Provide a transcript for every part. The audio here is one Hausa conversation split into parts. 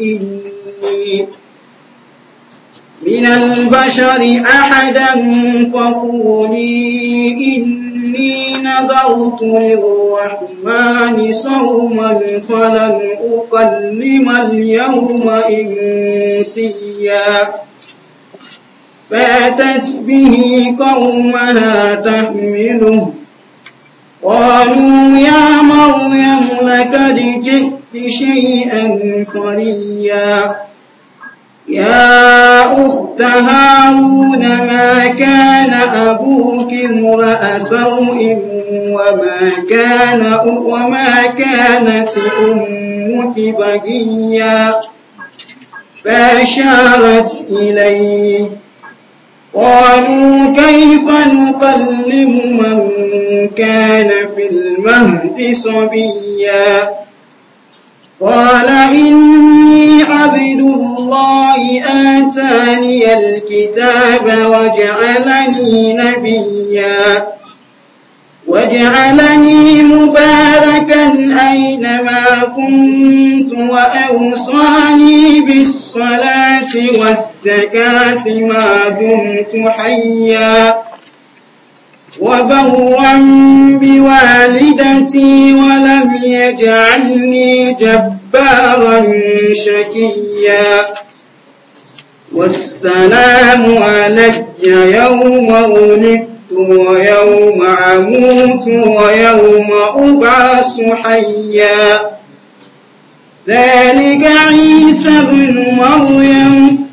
إني من البشر أحدا فقولي إني نذرت للرحمن صوما فلن أكلم اليوم إنسيا فاتت به قومها تحمله قالوا يا مريم لقد جئت شيئا فريا يا أخت هارون ما كان أبوك امرأ سوء وما كان وما كانت أمك بغيا فأشارت إليه قالوا كيف نكلم من كان في المهد صبيا قال إني عبد الله آتاني الكتاب وجعلني نبيا وجعلني مباركا أينما كنت وأوصاني بالصلاة والزكاة ما دمت حيا وبرا بوالدتي ولم يجعلني جبارا شكيا والسلام علي يوم ولدت ويوم أموت ويوم أبعث حيا ذلك عيسى بن مريم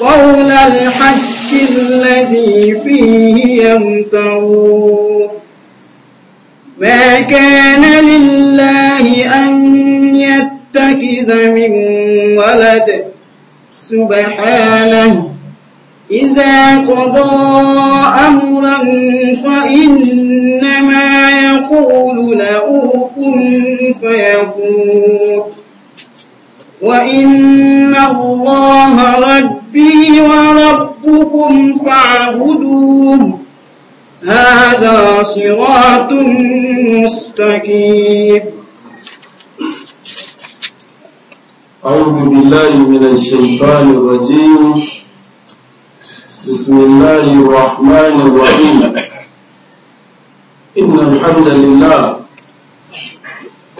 قول الحج الذي فيه يمترون ما كان لله أن يتخذ من ولد سبحانه إذا قضى أمرا فإنما يقول له كن فيقول وإن الله ربي وربكم فاعبدوه هذا صراط مستقيم أعوذ بالله من الشيطان الرجيم بسم الله الرحمن الرحيم إن الحمد لله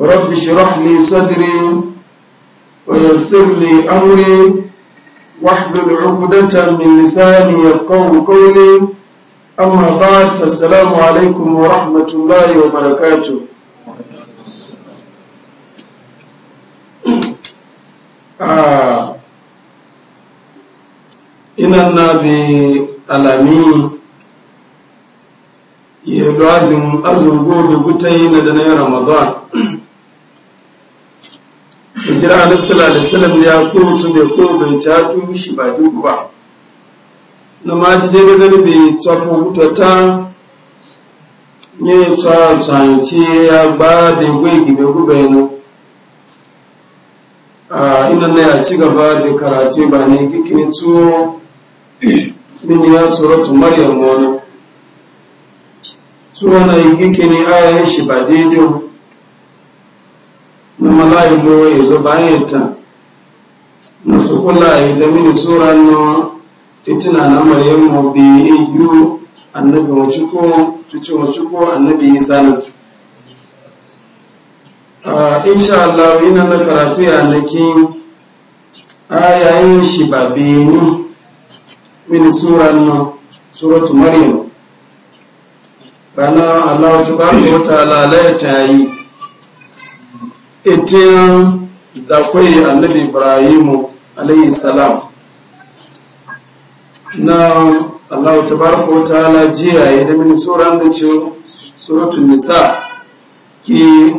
رب اشرح لي صدري ويسر لي أمري واحلل عقدة من لساني يفقه قولي أما بعد فالسلام عليكم ورحمة الله وبركاته آه. إن النبي ألمي يلوازم أزوجه بقتين لدنيا رمضان hijira annabi sallallahu alaihi wasallam ya ko mutum bai ko bai ja tu shi ba duk ba na ma ji dai gani bai wuta mutata ne tsa tsanci ya ba da gwai bai gube na a ina ne a ci gaba da karatu ba ne kikini tuwo min ya suratu maryam wani tuwo na yi kikini ayan shi ba daidai na mala'ibu ya zo bayan ta na su kula yi da mini sura na fitina na mu bi yiyu annabi wacuko cuci wacuko annabi sana na insha Allah ina na karatu ya naki ayayin shi ba benin mini sura na suratu maryam bana Allah tabaraka ba ta lalata yi etin da kwai annabi ibrahimu alayhi salam na allahu tabaraka wa ta'ala jiya ya da mini tsoron da ce suratun nisa ki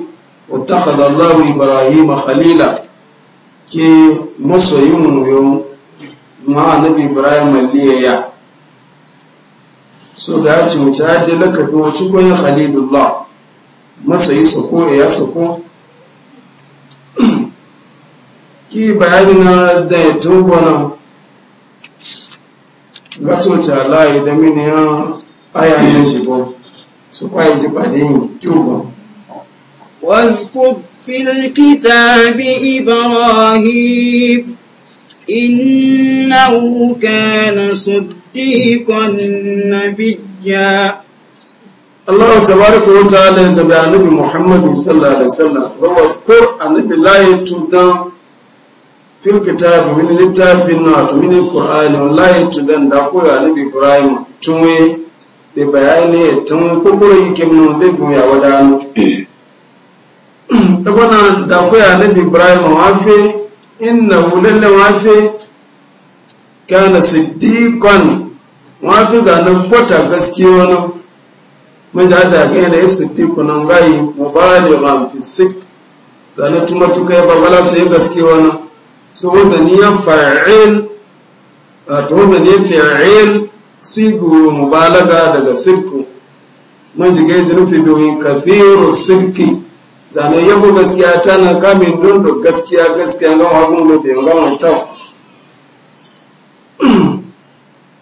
wattakhadha allahu Ibrahimu khalila ki masoyin yo ma annabi ibrahimu liya so ga ya ce mu ta da wacce khalilullah masoyi sako ya sako ki bayani na da ya tubo nan gato ce Allah da mini ya aya su kwaye ji badin Wasu واذكر في Ibrahim, إبراهيم إنه كان صديقا نبيا Allah tabaraka wa ta'ala da bi annabi Muhammad sallallahu alaihi wasallam wa wafkur annabi la yatudan fil kitabu min littafin na min qur'ani wallahi tudan da ko ya nabi ibrahim tunwe be bayani tun kokoro yake mun be bu ya wadanu tabana da ko ya nabi ibrahim wafe innahu lalla wafe kana siddiqan wafe zanen kwata gaskiya wani mun ji aja ga yana yesu tiku nan gayi mubalighan fi sik zanen tumatuka ya babala su yi gaskiya wani so wazaniyan fa'il wato wazaniyan fi'il sigu mubalaga daga sirku mun shiga yi nufi domin kafiru sirki zane yabo gaskiya ta na kamin dundu gaskiya gaskiya gan abin da bai gama tau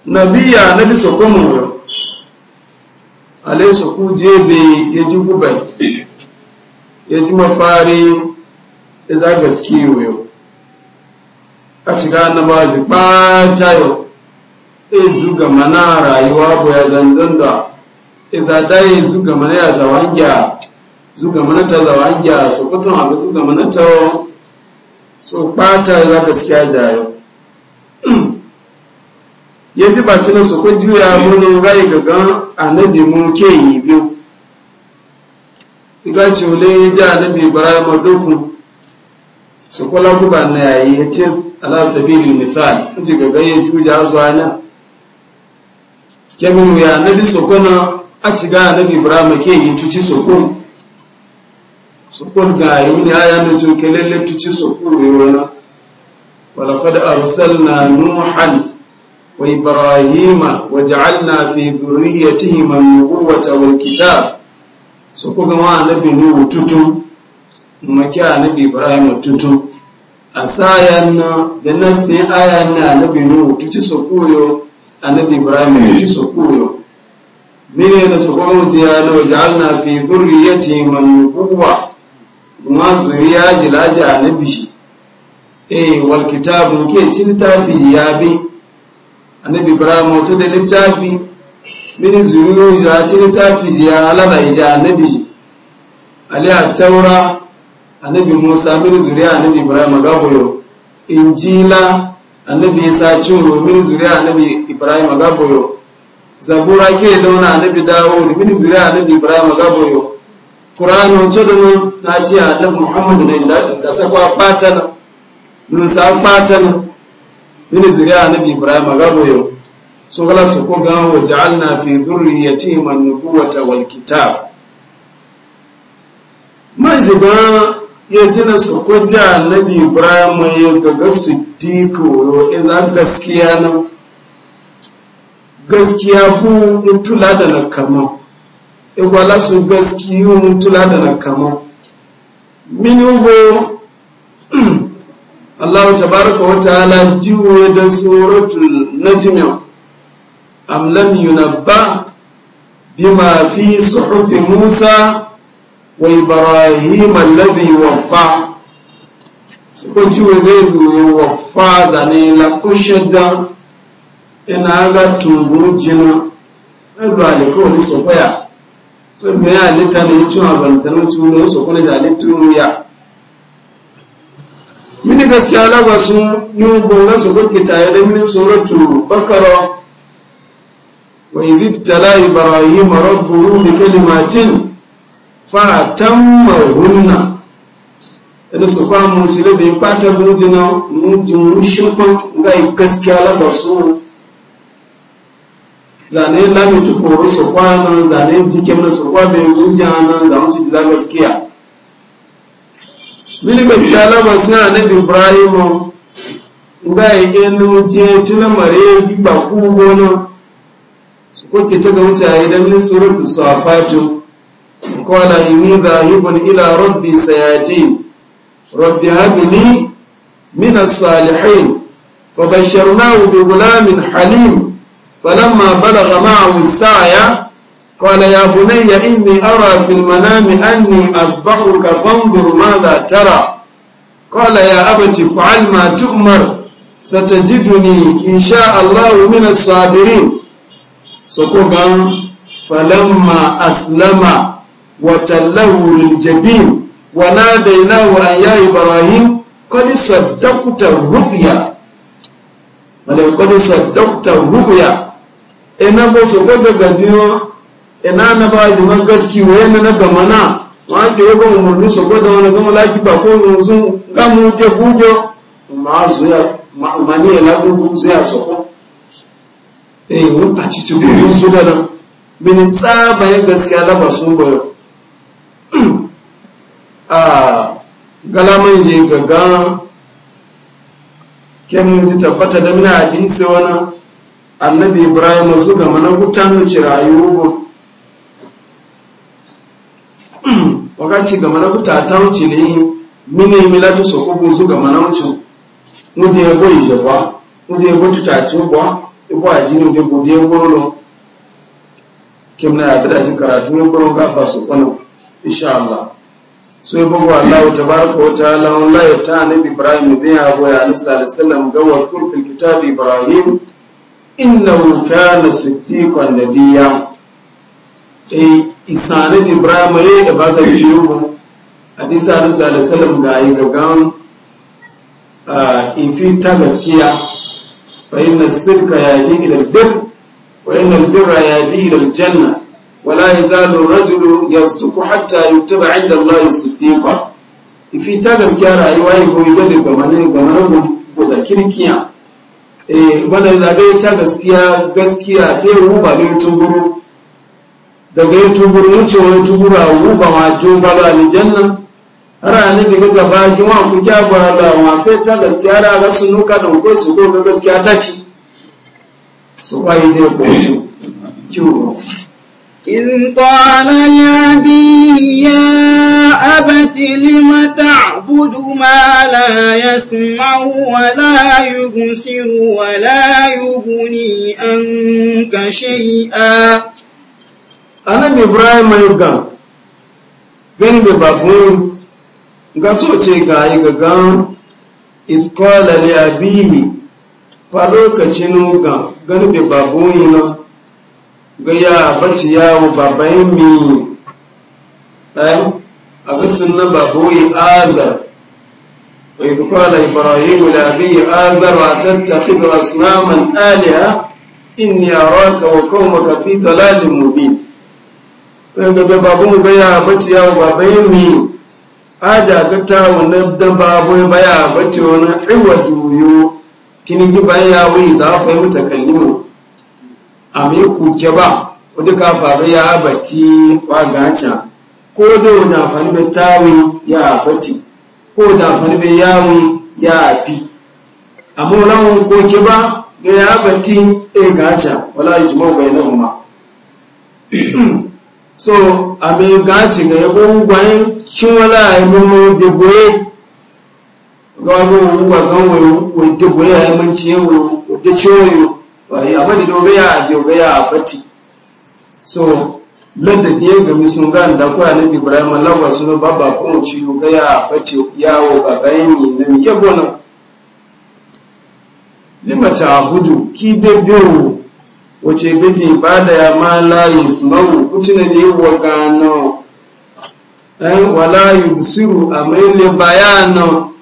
nabiya na bisa kuma alaisu ku jebe ya ji gubai ya ji mafari ya za gaskiya yau a cika na ba shi ɓata e yau izu ga mana rayuwa ko ya zanzan e da iza e dai ga mana ya zawangya su ga mana ta zawangya so kutum abu su ga mana ta so ɓata za gaskiya jayo ya ji baci na su ko juya wani rai gagan annabi mu ke yi biyu ga cule ya ji annabi ma dukun. su kula kuka na yayi ya ce ala sabilin misal in ji ga gaye juja su Ke keminu ya nabi sokona a ci ga nabi ibrahim ke yi tuci sokon sokon ga yi ne aya na jo ke lalle tuci sokon yi wani walakad arsalna nuhan wa Ibrahim wa ja'alna fi dhurriyyatihima an-nubuwata wal kitab sokon ga wa nabi nuhu tutun maki annabi ibrahim tutu a sayan na da nasin ayan na annabi nuhu tuci so koyo annabi ibrahim tuci so koyo Mene da su kuma jiya na waje'alna fi zurriyati man quwwa kuma zuriya jilaji annabi shi eh wal kitabu ke cin tafi ya bi annabi ibrahim wato da littafi mini zuriyo jira cin tafi ya alaba ija annabi ali a taura annabi musa min zuriya annabi ibrahim gaboyo injila annabi isa ciro min zuriya annabi ibrahim gaboyo zabura ke dauna annabi dawud min zuriya annabi ibrahim gaboyo da todon na ce annabi muhammadu ne da sakwa fatana nun sa fatana min zuriya annabi ibrahim gaboyo so kala su ko ga wa ja'alna fi dhurriyyatihi an-nubuwata wal kitab man zuba. ya tuna su kwaje annabi ibrahim ya gaga su diko idan gaskiya na gaskiya ku mutula da na kama igwala eh, su gaskiya mutula da na kama mini ugo allahu tabaraka wa ta'ala jiwo da suratul najmi am lam yunabba bima fi suhufi musa wa ibrahim alladhi waffa ko ciwe waffa zane la kushada ina ga tungu jina ẹlò àlèkò ní sọpẹ́yà tó gbé àlétà ní tún àbàntà ní tún ní sọpọ́ ní àlétà ní yà mini gaskiya lagwasu ni ugbon na su kuke tare da mini suratu bakara wa idh ibtala ibrahim rabbuhu bi kalimatin fatan marunna da su kwa mutu da bai kwata mujina mujin rushinkun gai gaskiya labar su zane lafi tuforo su kwa nan zane jikin na su kwa bai mujina nan za mu ci za gaskiya mini gaskiya labar su na nabi ibrahim gai inu je tuna mare ku nan su ke ta ga mutane don ni suratu su a fatu qala inni dhahibun ila rabbi sayajin rabbi habli min as-salihin fabashsharnahu bi ghulamin halim falamma ma ma'ahu as-sa'ya qala ya bunayya inni ara fi al-manami anni adhahuka fanzur madha tara qala ya abati fa'al ma tu'mar satajiduni insha Allahu mina as-sabirin so ko gan falamma aslama وتلوه للجبين وناديناه أن يا إبراهيم قد صدقت الرؤيا ولو قد صدقت الرؤيا ina ba su kwaga gabiyo ina na ba ji man gaski wa na gamana. wa ke yi gama murni su da wani gama laki ba ko yanzu gamu ke fujo ma zuya ni ya lagu zuya soko eh mun ta ci min tsaba ya gaskiya goyo a galaman je gaga kenan ji tabbata da muna hadisi wani annabi ibrahim su ga mana hutan da ci rayuwa wakati ga mana huta ta wuce ne mini milatu su ko su ga mana wuce muje ya goyi jaba muje ya goyi tace ba ibo ajini da godiye gorolo kemna ya da karatu ya goro ga basu wannan insha Allah Sai bugu Allah baraka wata ta'ala wallahi ta annabi Ibrahim bin Abu ya Nabi da sallam ga wasu kurfin kitab Ibrahim innahu kana siddiqan da eh isa nabi Ibrahim ya yi da baka a nisa da sallallahu da sallam ga yi gagan in fi ta gaskiya Wa inna sirka ya ila al-bir wa inna birra ya ila al-janna wala yazalu rajulu yasduqu hatta yuktaba inda Allah siddiqa ifi ta gaskiya rayuwa eh, ya koyi gade ga manin ga manin ko zakirkiya eh wala zabe ta gaskiya gaskiya fe ruba ne tunguru daga yin tunguru wuce wani tunguru a ruba ma jumba ba ni janna. rani da gaza ba ki ma ku kya ba da ma fe ta gaskiya ra ga sunuka da ko su ko ga gaskiya ta ci su kwaye ne ko ci ciwo إذ قال لأبيه يا أبت لم تعبد ما لا يسمع ولا يبصر ولا يغني عنك شيئا Annabi Ibrahim ya ga gani bai babu ga ce ga yi gagan itkola ne abihi fa lokacin ga gani bai babu yi na gaya bacci yawo babayin miyu ɗan abisun bisun babu baboyi azar wai kwala ibrahim biyu azar a tattafi da asnaman aliya a araka wa qaumaka fi dalalin mubi wai gaba babu mu gaya bacci yawo babayin miyu aja ka ta wani dan babu baya bacci wani iwaju juyo kini yawo bayan za a fahimta kalimu àmì kùkẹ́ bá ó dé ká fàbí ya wà gàáṣà kó dé òun àǹfààní bẹ táwí ya àbọ̀tì kó òun àǹfààní bẹ yáwí ya àbí àmọ́ ko ke bá ga ya àbàtí ẹ gàáṣà wọlá ìjùmọ̀ ọgbà ẹ̀ náà ma. so àmì gàáṣì ga ẹgbẹ́ ń gbà ń tí wọ́n láàyè mọ́mọ́ gbogbo ẹ̀ lọ́wọ́ gbogbo àgbọ̀n wẹ̀ wẹ̀ dẹ̀gbọ́ ẹ̀ àyẹ̀mọ́ tiẹ̀ wẹ̀ wẹ̀ dẹ̀ tí wọ́n yọ. wahi amma da dobe ya dobe ya bati so ladda biye ga misungan da kuwa na ibrahim allah wa sunu baba ko ci ga ya bati yawo baba yimi na mi yabo na lima ta abudu ki be biyo wace gaji da ya ma la yismau kutuna je wa gano eh wala yubsiru amai le bayano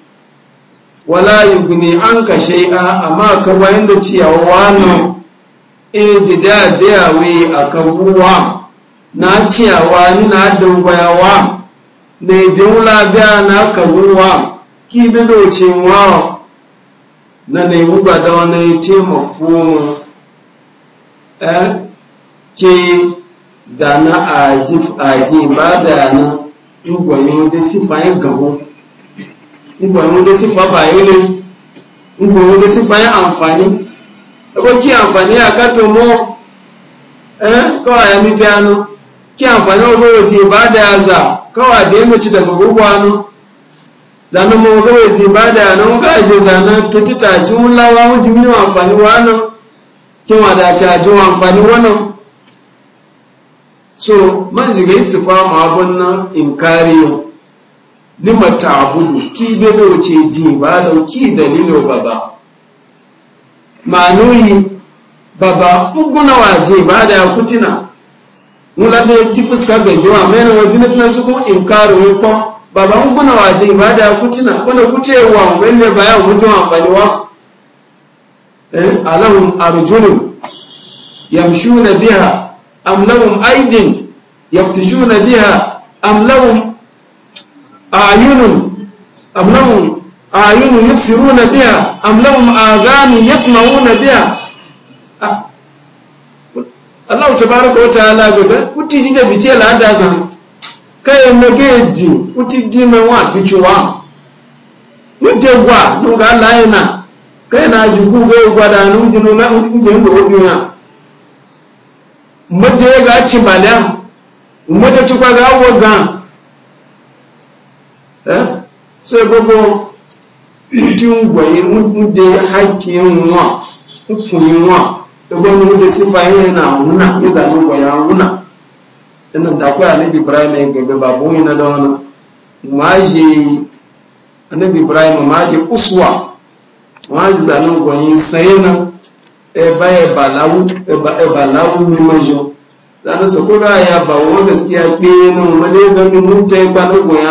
wala yugni ka shay'a amma kamar yadda ciyawa daya-daya ididadiyawe a kabuwa na ciyawa ni na dogbayawa na ibiwula daya na kabuwa ki bidocin wa na na muba da wani taimako eh, ke zana a ji ba da yana igwayo da sifayin gabo ngwanu da fa ba yanayi ngwanu da sifa ya amfani ɗago ki amfani a kato mo eh kawai ya mi fiyano ki amfani wa gwamnati ba da ya za kawai da ya mace daga gurgwano zanen mu gwamnati ba da ya nan ka ce zanen ta ci ta ci mun lawa mun ji mini amfani wano kin wa da ci ji amfani wano so man jiga istifa ma abun nan in kariyo lima ta'budu ki be do ce ji ba da ki dalilo baba manuyi baba uguna waje ba da kutina mula da ti fuska ga yiwa mena waje na tunasu kuma inkaru ko baba uguna waje ba da kutina kuna wa wanne baya mutum amfani wa eh alahum arjulu yamshuna biha am lahum aydin yaktishuna biha am lahum ayunun am lahum ayunun yubsiruna biha am lahum adhanun yasma'una biha Allah tabaraka wa ta'ala gaba kuti jinga bice la da zan kai mageji kuti gina wa bicewa mute gwa nuga Allah yana kai na ji ku ga da nun jinu na unje ndo obiya mate ga ci bala mate tukwa ga wogan Eh? so gbogbo ti ń gbọ̀yìn ń de haiki wọn nkùnyin wọn ebe ni wọ́n de sífà yẹn na wuna yíza ní gbọ̀yà wuna ẹnu dàkú anabi ibrahim gẹ̀gẹ̀ bàbá wọn yìí dán na màá yẹ anabi ibrahim màá yẹ uswa màá yẹ zanu gbọ̀yìn sẹ́yìn na ẹba lawu ẹba lawu mi ma yọ zanu sọ kó ra ya bà gaskiya na wọ́n lé dán mi mú jẹ́ gbà ní gbọ̀yà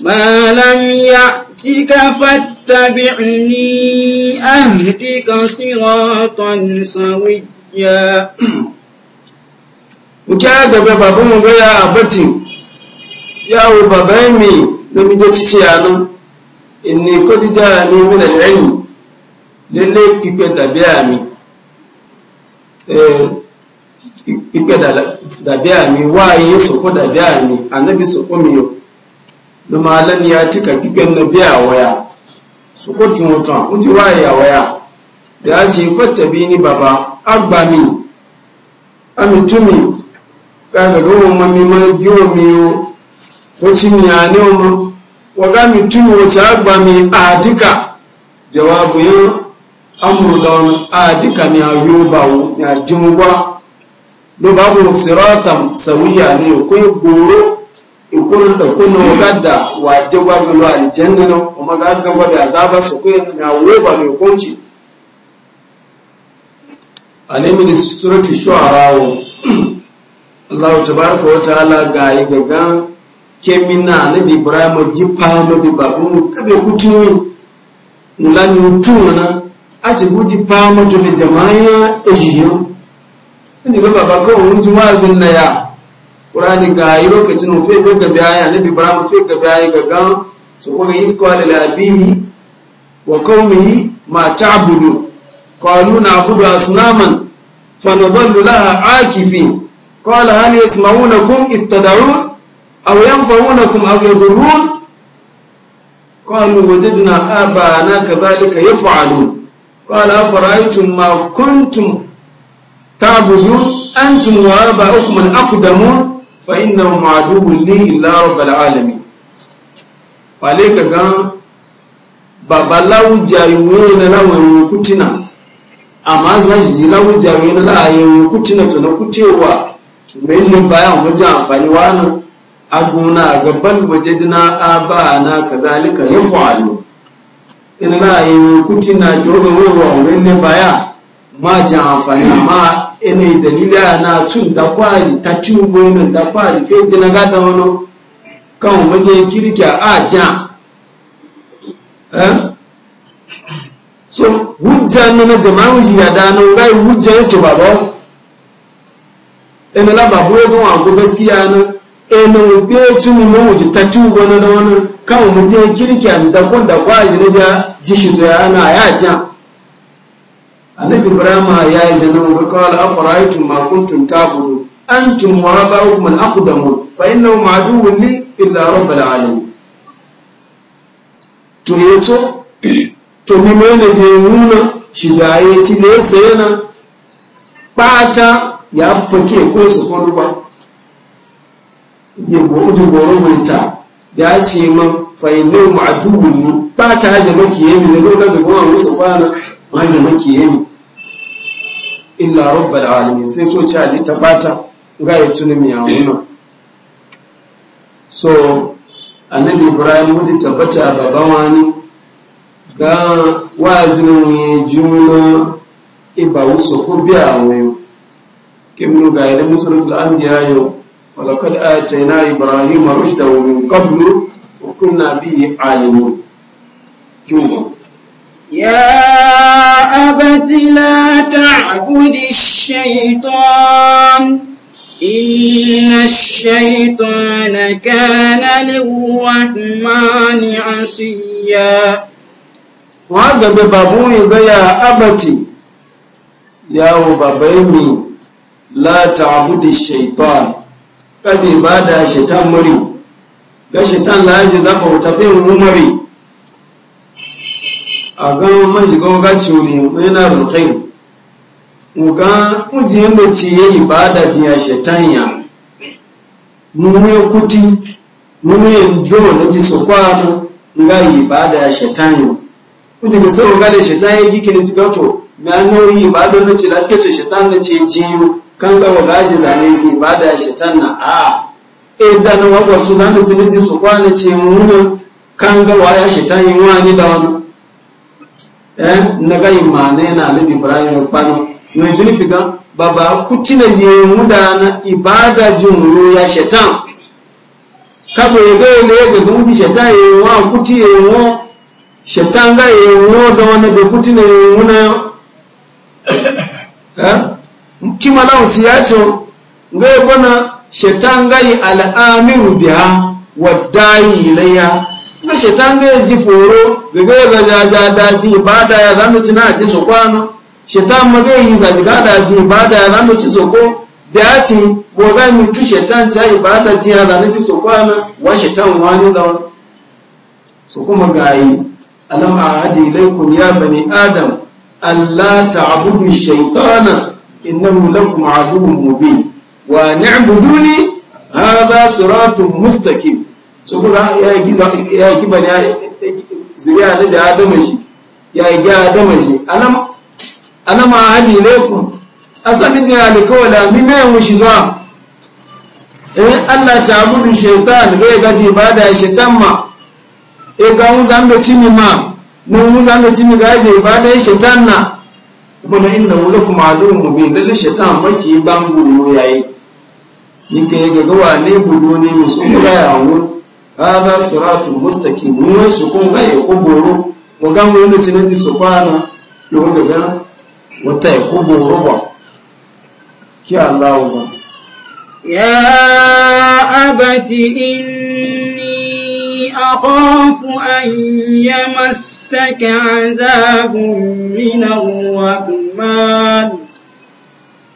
ما لم يأتك فاتبعني أهدك صراطا سويا Uke gaba babu mu gaya a batin, yawo babai mai da mu ci ce a nan, in ne kodija ne mina yanyi, lalle ipe da biya mi, e, ipe da biya mi, wa yi soko da biya mi, annabi soko mi yau. na malam ya ci kigan na biya waya su kotun mutum kuji waya waya da ya ce fatta bi ni baba abba mi amitumi kaga gawon mami ma biyo miyo wacce mi ya ne wa waga mitumi wacce abba mi a duka jawabu yin amuru a duka mi a yiwu ba ya jingwa lo babu siratan sawiya ne ko goro ikun da kun gadda wa dagwa ga lo aljanna no kuma ga ga ba da azaba su ko na wo ba lo kunci alimin suratu shu'ara Allah tabaraka wa ta'ala ga yi gaga kemina nabi ibrahim jipa no bi babu kabe kutu mulani utuna ati buji pa mo to le jamaa ejiyo ndi baba ko unju wazin na ya qur'ani ga yi lokacin mu fe ga biya annabi ibrahim fe ga biya ga gan su ko ga iskwa da labi wa qaumihi ma ta'budu qalu na'budu asnaman fa nadhallu laha akifin qala hal yasma'unakum waje aw yanfa'unakum aw yadurrun qalu wajadna abana kadhalika yaf'alun qala afara'aytum ma kuntum ta'budun antum wa aba'ukum al-aqdamun fa'inna ma'adu wuli li illa rabbil alamin ka gan babaláwo jàìwé na láwọn kutina a ma za shi yi na láàyè na kútínà kutina na kúté wà mai ne bayan wajen amfani wa wani aguna gaban a ba na ka zalika ya fa'alu ina na yi kutina na jogon wewa mai ne baya ma jan amfani ma ene dalili na tun da kwaji ta tun boyin da kwaji feje na gada wani kan waje kirki a ja eh so wujja na na jama'u ji ya da nan gai wujja ya tuba ba ene la babu ya gwa ko gaskiya na ene be tun ne mu ji ta tun boyin da wani kan waje kirki da kon da kwaji na ja ji shi ya ana ya ja annabi ibrahim ya yi zanen wa kawai afaraitu ma kuntum tabudu antum wa ba'ukum aku damu fa innahu ma'adu li illa rabbil da to yato to ni mai ne zai nuna shi jaye tile sa yana bata ya fake ko su ko duba yebo uju goro munta ya ce man fa innahu Ba bata jama'a kiyemi zai nuna ga goma musu kwana ma jama'a kiyemi illa rabbal alamin sai so ci halitta bata ga ya tuni mi yawuna eh. so annabi ibrahim wudi tabbata baba wani ga wazinin ya juna iba uso ko biya wayo kimnu ga ilmu al anbiya yo ولقد آتينا إبراهيم رشده من قبل وكنا به عالمون جمهور يا أبت لا تعبد الشيطان إن الشيطان كان للرحمن عصيا وهذا بابوي بيا أبتي يا بابيمي لا تعبد الشيطان قد إبادة شيطان مريم ga shaitan la yaji zaka wuta a gan man jiga ga ciwuri mai na rulkhairu muga mujiyin da ibada ti ya shetanya mumuye kuti mumuye do na ji so kwano nga ibada ya shetanya kuti ne sai ga da shetanya gike ne ti gato mai nauyi ibada na ce lafiya ce shetan da ce jiyo kan ga waga ji zane ji ibada ya shetan na a e da na wago su zan da ji so kwano ce mumuye kan ga waya shetan wani da wani Eh, na ga imane na nabi ibrahim kwano mai tuni figa baba kuti na je muda na ibada jumuru ya shaitan kabo ya ga ne eh, ga gungi shaitan ya wa kuti ya wo shaitan ga ya wo da wani da kuti na ya muna kima na wuce ya ce ga ya kwana shaitan ga yi al'amiru biya wa dayi ilayya kuma shetan ga ji foro daga ga jaja daji ibada ya zanu ci na ji sokwano shetan ma ga yi zaji ga daji ibada ya zanu ci soko da ya ci ga mi tu shetan ta ibada ji ya zanu ci sokwano wa shetan wani da so kuma ga yi alam ahadi ilaikum ya bani adam alla ta'budu shaytana innahu lakum aduwwun mubin wa ni'buduni hadha siratun mustaqim su kuma ya yi ya yi kiba zuriya ne da adama shi ya yi gya adama shi anam anama hali ne ku asabi jiya da kawai da mi me mu shi zuwa eh Allah ta abudu shaitan bai gaji ibada shaitan ma e ga mu zan da cini ma mun mu zan da cini gaje ibada shaitan na kuma inna mu aduwwun mubin lalle shaitan maki bangu yayi nike ga gawa ne gudu ne musu ya yawo hada siratul mustaqim mun su kun ga ya kuburu mun ga mun lutu ne su kwana lo ga ga wata ya kuburu ba ki Allah ba ya abati inni akhafu an yamassaka azabun min ar-rahman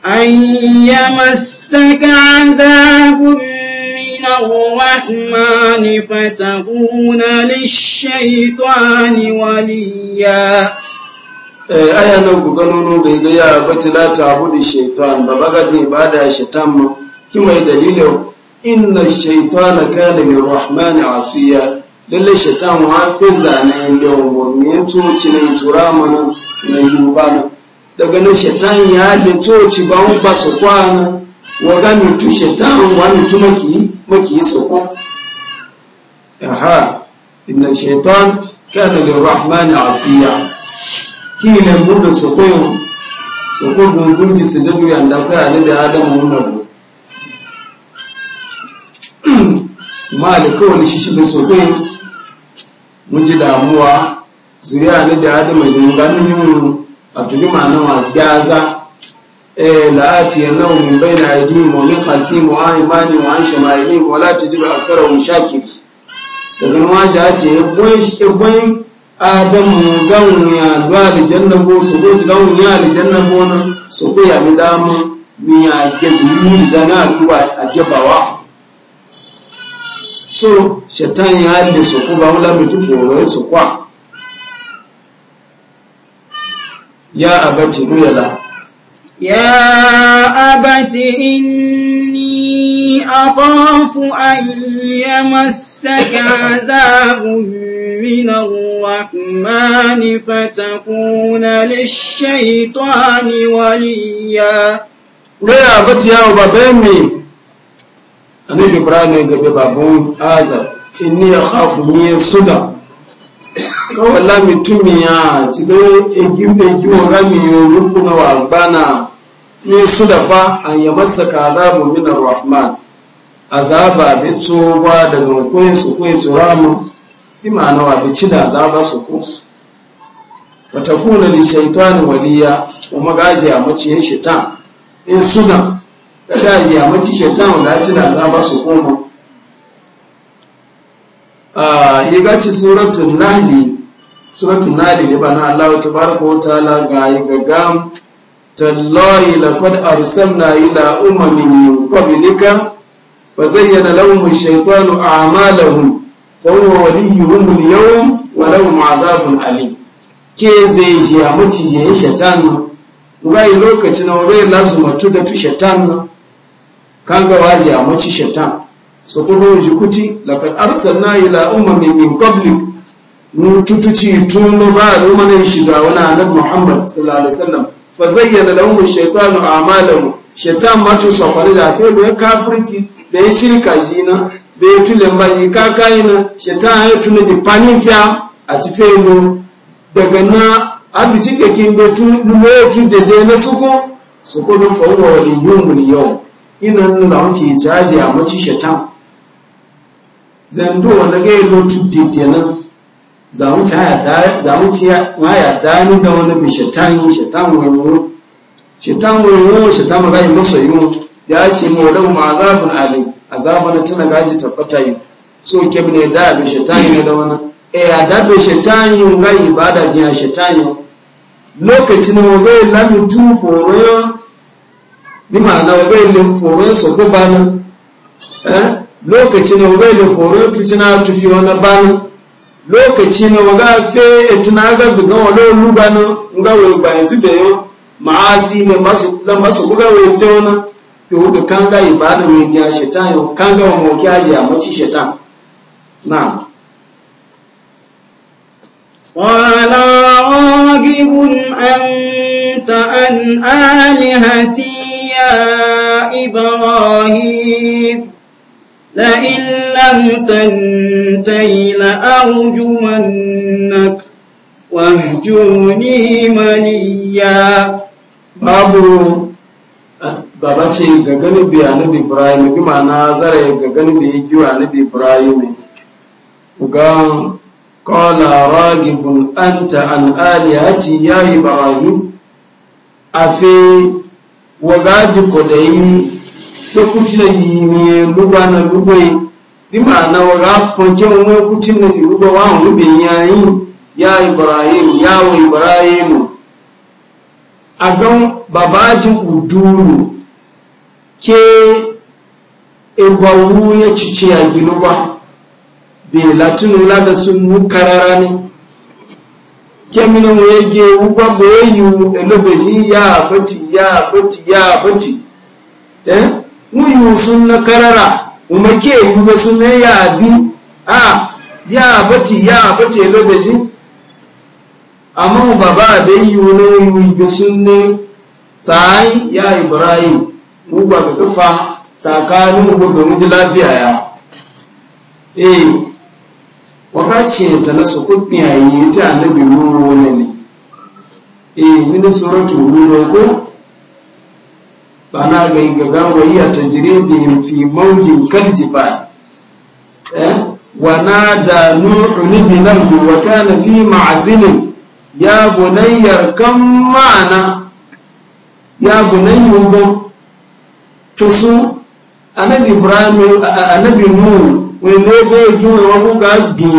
an yamassaka azabun الرحمن فتكون للشيطان وليا eh, aya nan ku gano no bai ga ya bata la ta budu shaitan ba baga ji ibada shaitan mu ki mai lalle shaitan wa fi zane da wani to kinin tura mana na yubana daga nan shaitan ya da coci ci ba mu ba su kwana wa ga mutu shaitan wa mutu maki maki soko aha inna shaitan kana rahman asiya kile muda soko yo soko gungunji sidadu ya ndaka ale da adamu wannan ma da kawai shi shi soko mun ji damuwa zuriya ne da adamu ne ganin ganin a tuli ma nan wa gaza لآتينهم من بين أيديهم ومن خلفهم وعن أيمانهم وعن شمائلهم ولا تجد أكثرهم شاكر daga ma ji a ce ibon adamu gawun ya ba da jannan ko su ko gawun ya da jannan ko na su ko ya mi dama mi ya ke a jefawa so shaitan ya da su ko ba wala mutu foro su kwa ya abati nuyala يا أبت إني أخاف أن يمسك عذاب من الرحمن فتكون للشيطان وليا gaya bata yawo babai mai annabi ibrahim ya gabe baban azar inni ya khafu ni suda kawai la mitumi ya ci wa bana in fa an yi masa kaza muminar rahman azaba bi tsoba daga hukunin su kuwa tsoramu bi ma'ana wa bi ci da azaba su ku wata kuna ni shaitani waliya kuma gaji a yin shaitan in suna da gaji a mace shaitan wanda ci da azaba su koma yi gaci suratun nahli suratun nahli ne ba na allahu tabaraka wa ta'ala ga yi gaggam tallahi Ba zai yana launin min a فزين لهم wani أعمالهم فهو yau wa launin عذاب Ali. ke zai ji a maciji ya shaitan nan rai lokaci na rai lasu matu da tu shaitan nan kan gaba ji a maci shaitan su kuma ji kuti lakar arsal na yi ila umarni min public mun tutuci tun ba a rumanin shiga wani annabi muhammad sallallahu alaihi fa zayyana lahum shaytanu a'malahum shaytan ma tu sokore da fe be kafirci da ya shirka jina na da ya tule ba shi shaytan ya tule ji panin a ti fe no daga na abi ke kin da tu mu ya tu de de na suku suku do fa yumu ni yau ina na da wuce jaji a mace shaytan do wanda ga yi de de na. Za mu zamuci ma ya ni da wani bi shetani shetan wayo shetan wayo shetan ma gaji masa yiwu ya ce ma wadau ma azabun ali azaba na tana gaji tabbata yi so ke ne da bi shetani ne da wani e ya da bi shetani ga ibada jiya shetani lokacin wa bai lamu tu foroyo Ni ma na wa bai le foroyo so ko bana eh lokacin wa bai le foroyo tu jina tu fi wani bana lokaci na waga fe etuna ga gugan wa lolu gano nga we ba etu de yo maasi ne masu la masu kuga we tona yo ga kanga ibada we ji kanga wa nke ki a amaci shetan na qala ragibun anta an alihati لئن لم تنتهي لأرجمنك واهجرني مليا babu baba ce ga galibi annabi ibrahim bi ma'ana zare ga galibi yiwu annabi ibrahim ga qala ragibun anta an alihati ya ibrahim afi wagaji kodayi so kuti na yimye ruba na lugwe bi ma'ana wa rafin jin wani kuti na ruba wa hannu bin yayin ya ibrahim ya wa ibrahim a gan babajin udulu ke igbawu ya cice ya gino ba bai latinu lada sun mu karara ne kemini wege ugwa mu eyi elobeji ya aboti ya aboti ya aboti eh muyu sunna karara umake yuza sunna ya bi a ya bati ya bati lobeji amma mu baba da yi wani wani bi sunne tsayi ya ibrahim mu ba ga kafa tsakanin mu ga muji lafiya ya eh wakati ta na su kuɗi yayi ta annabi mu wani ne eh ni suratu ruwa ko fana ga yi gaba wa yi a ta jire bihin fi maujin kan jifa eh? wa na da nuhuni binan wa na fi ma'azinin ya bu gunayyar kan ma'ana ya gunayyar gun tusu anabi ibrahim anabi nuhu wani ne ga yi gina wani ga bi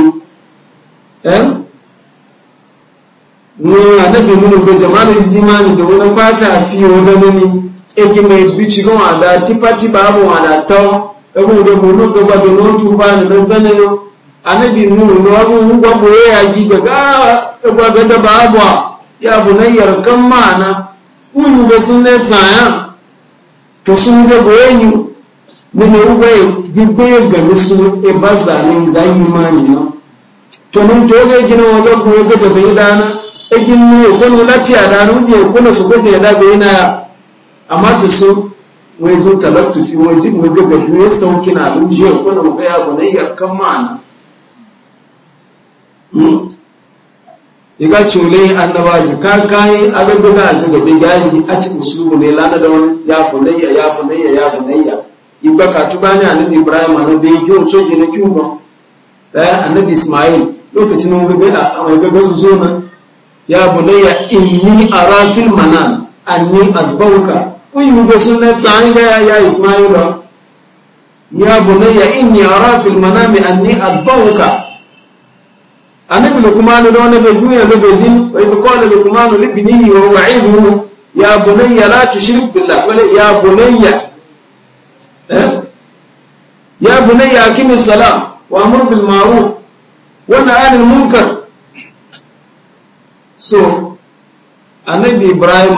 eh? ne anabi nuhu ga jama'a da jimani da wani bata fiye wani ne eski mai tubi cikin wada tipa-tipa abu wada ta abu da bunu gaba da non tufa da nan sanin anabi mu na abu hukwa boye ya gi daga agwa ga da babu ya bu nan yarkan mana uyu ga sun ne tsaya to sun ga boye yi ne ne ugwa gbigbe ga su e ba zane zai mani na to nun to ga gina wa ga boye ga da bai dana egin ne ko no lati adana uje ko na su ko je da bai na amma ta so wai jin talattufi wai jin wai gaggafi wai sauki na alujiya kuna mu ya bu nan yarkan ma'ana iga hmm? cule annaba ji ka kai agaguga agaguga gaji a ci usulu ne lana da wani ya bunayya ya bunayya ya bunayya iga ka tubani annabi ibrahim annabi ya kiwo coji na kiwo ba ɗaya eh, annabi ismail lokacin wani gaba su zo na ya bunayya inni arafil manan anni adbauka ويهو بسنة تعيقا يا إسماعيل يا بني إني أرى في المنام أني أضوك أنا بلقمان لون بجوية لبزين ويقول لقمان لبني ووعيه يا بني لا تشرك بالله ولا يا بني يا بني أكيم السلام وأمر بالمعروف ونعان المنكر سو so, أنا بإبراهيم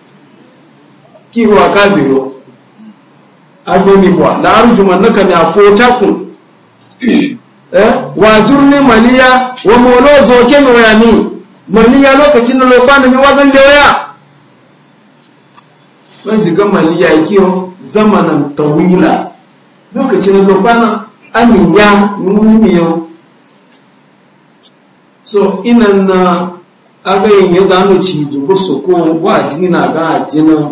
kiwa kabiro agbonibwa laarjumannaka mi afotakun eh wajurni maliya wa molozo kemi ni maliya lokacin da lokwana mi wadan lewaya ban shiga maliya kiyo zamanan tawila lokacin da lokwana amiya mumiyo so inan na agayin ya zanu ci dubu su ko wa dina ga ajina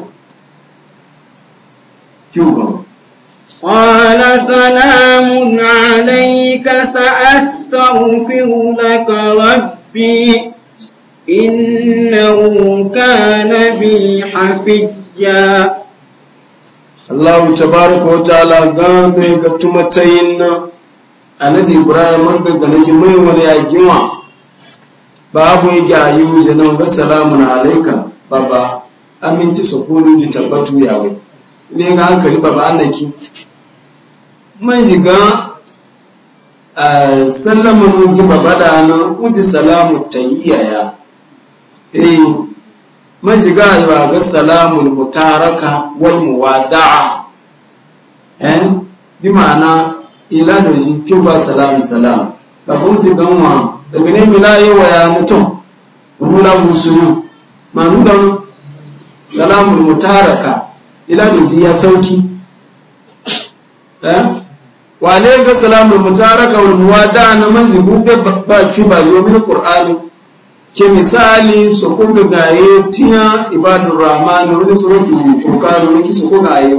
قال سلام عليك سأستغفر لك ربي إنه كان بي حفيا tabaraka wa ta'ala ga da ga tumatsayin na Annabi Ibrahim an daga nake mai wani giwa babu ya ayu janan ga salamun alayka Amince aminci sokoni da tabbatu yawo ne ga hankali baba ki man shiga sallama mun ji baba da nan uji salamu ya eh man shiga ba ga salamul mutaraka wal muwada'a eh bi ma'ana ila da yin kin ba salamu salam ba kun ji ganwa daga ne mila yi wa ya mutum mula musulun ma nudan salamul mutaraka ila miji ya sauki eh? wa ne ga salamu mutaraka wal muwada na manzi gube ba shi ba zo min qur'ani ke misali so kun ga gaye tiya ibadur rahman wani surati fuqan ne ki so kun gaye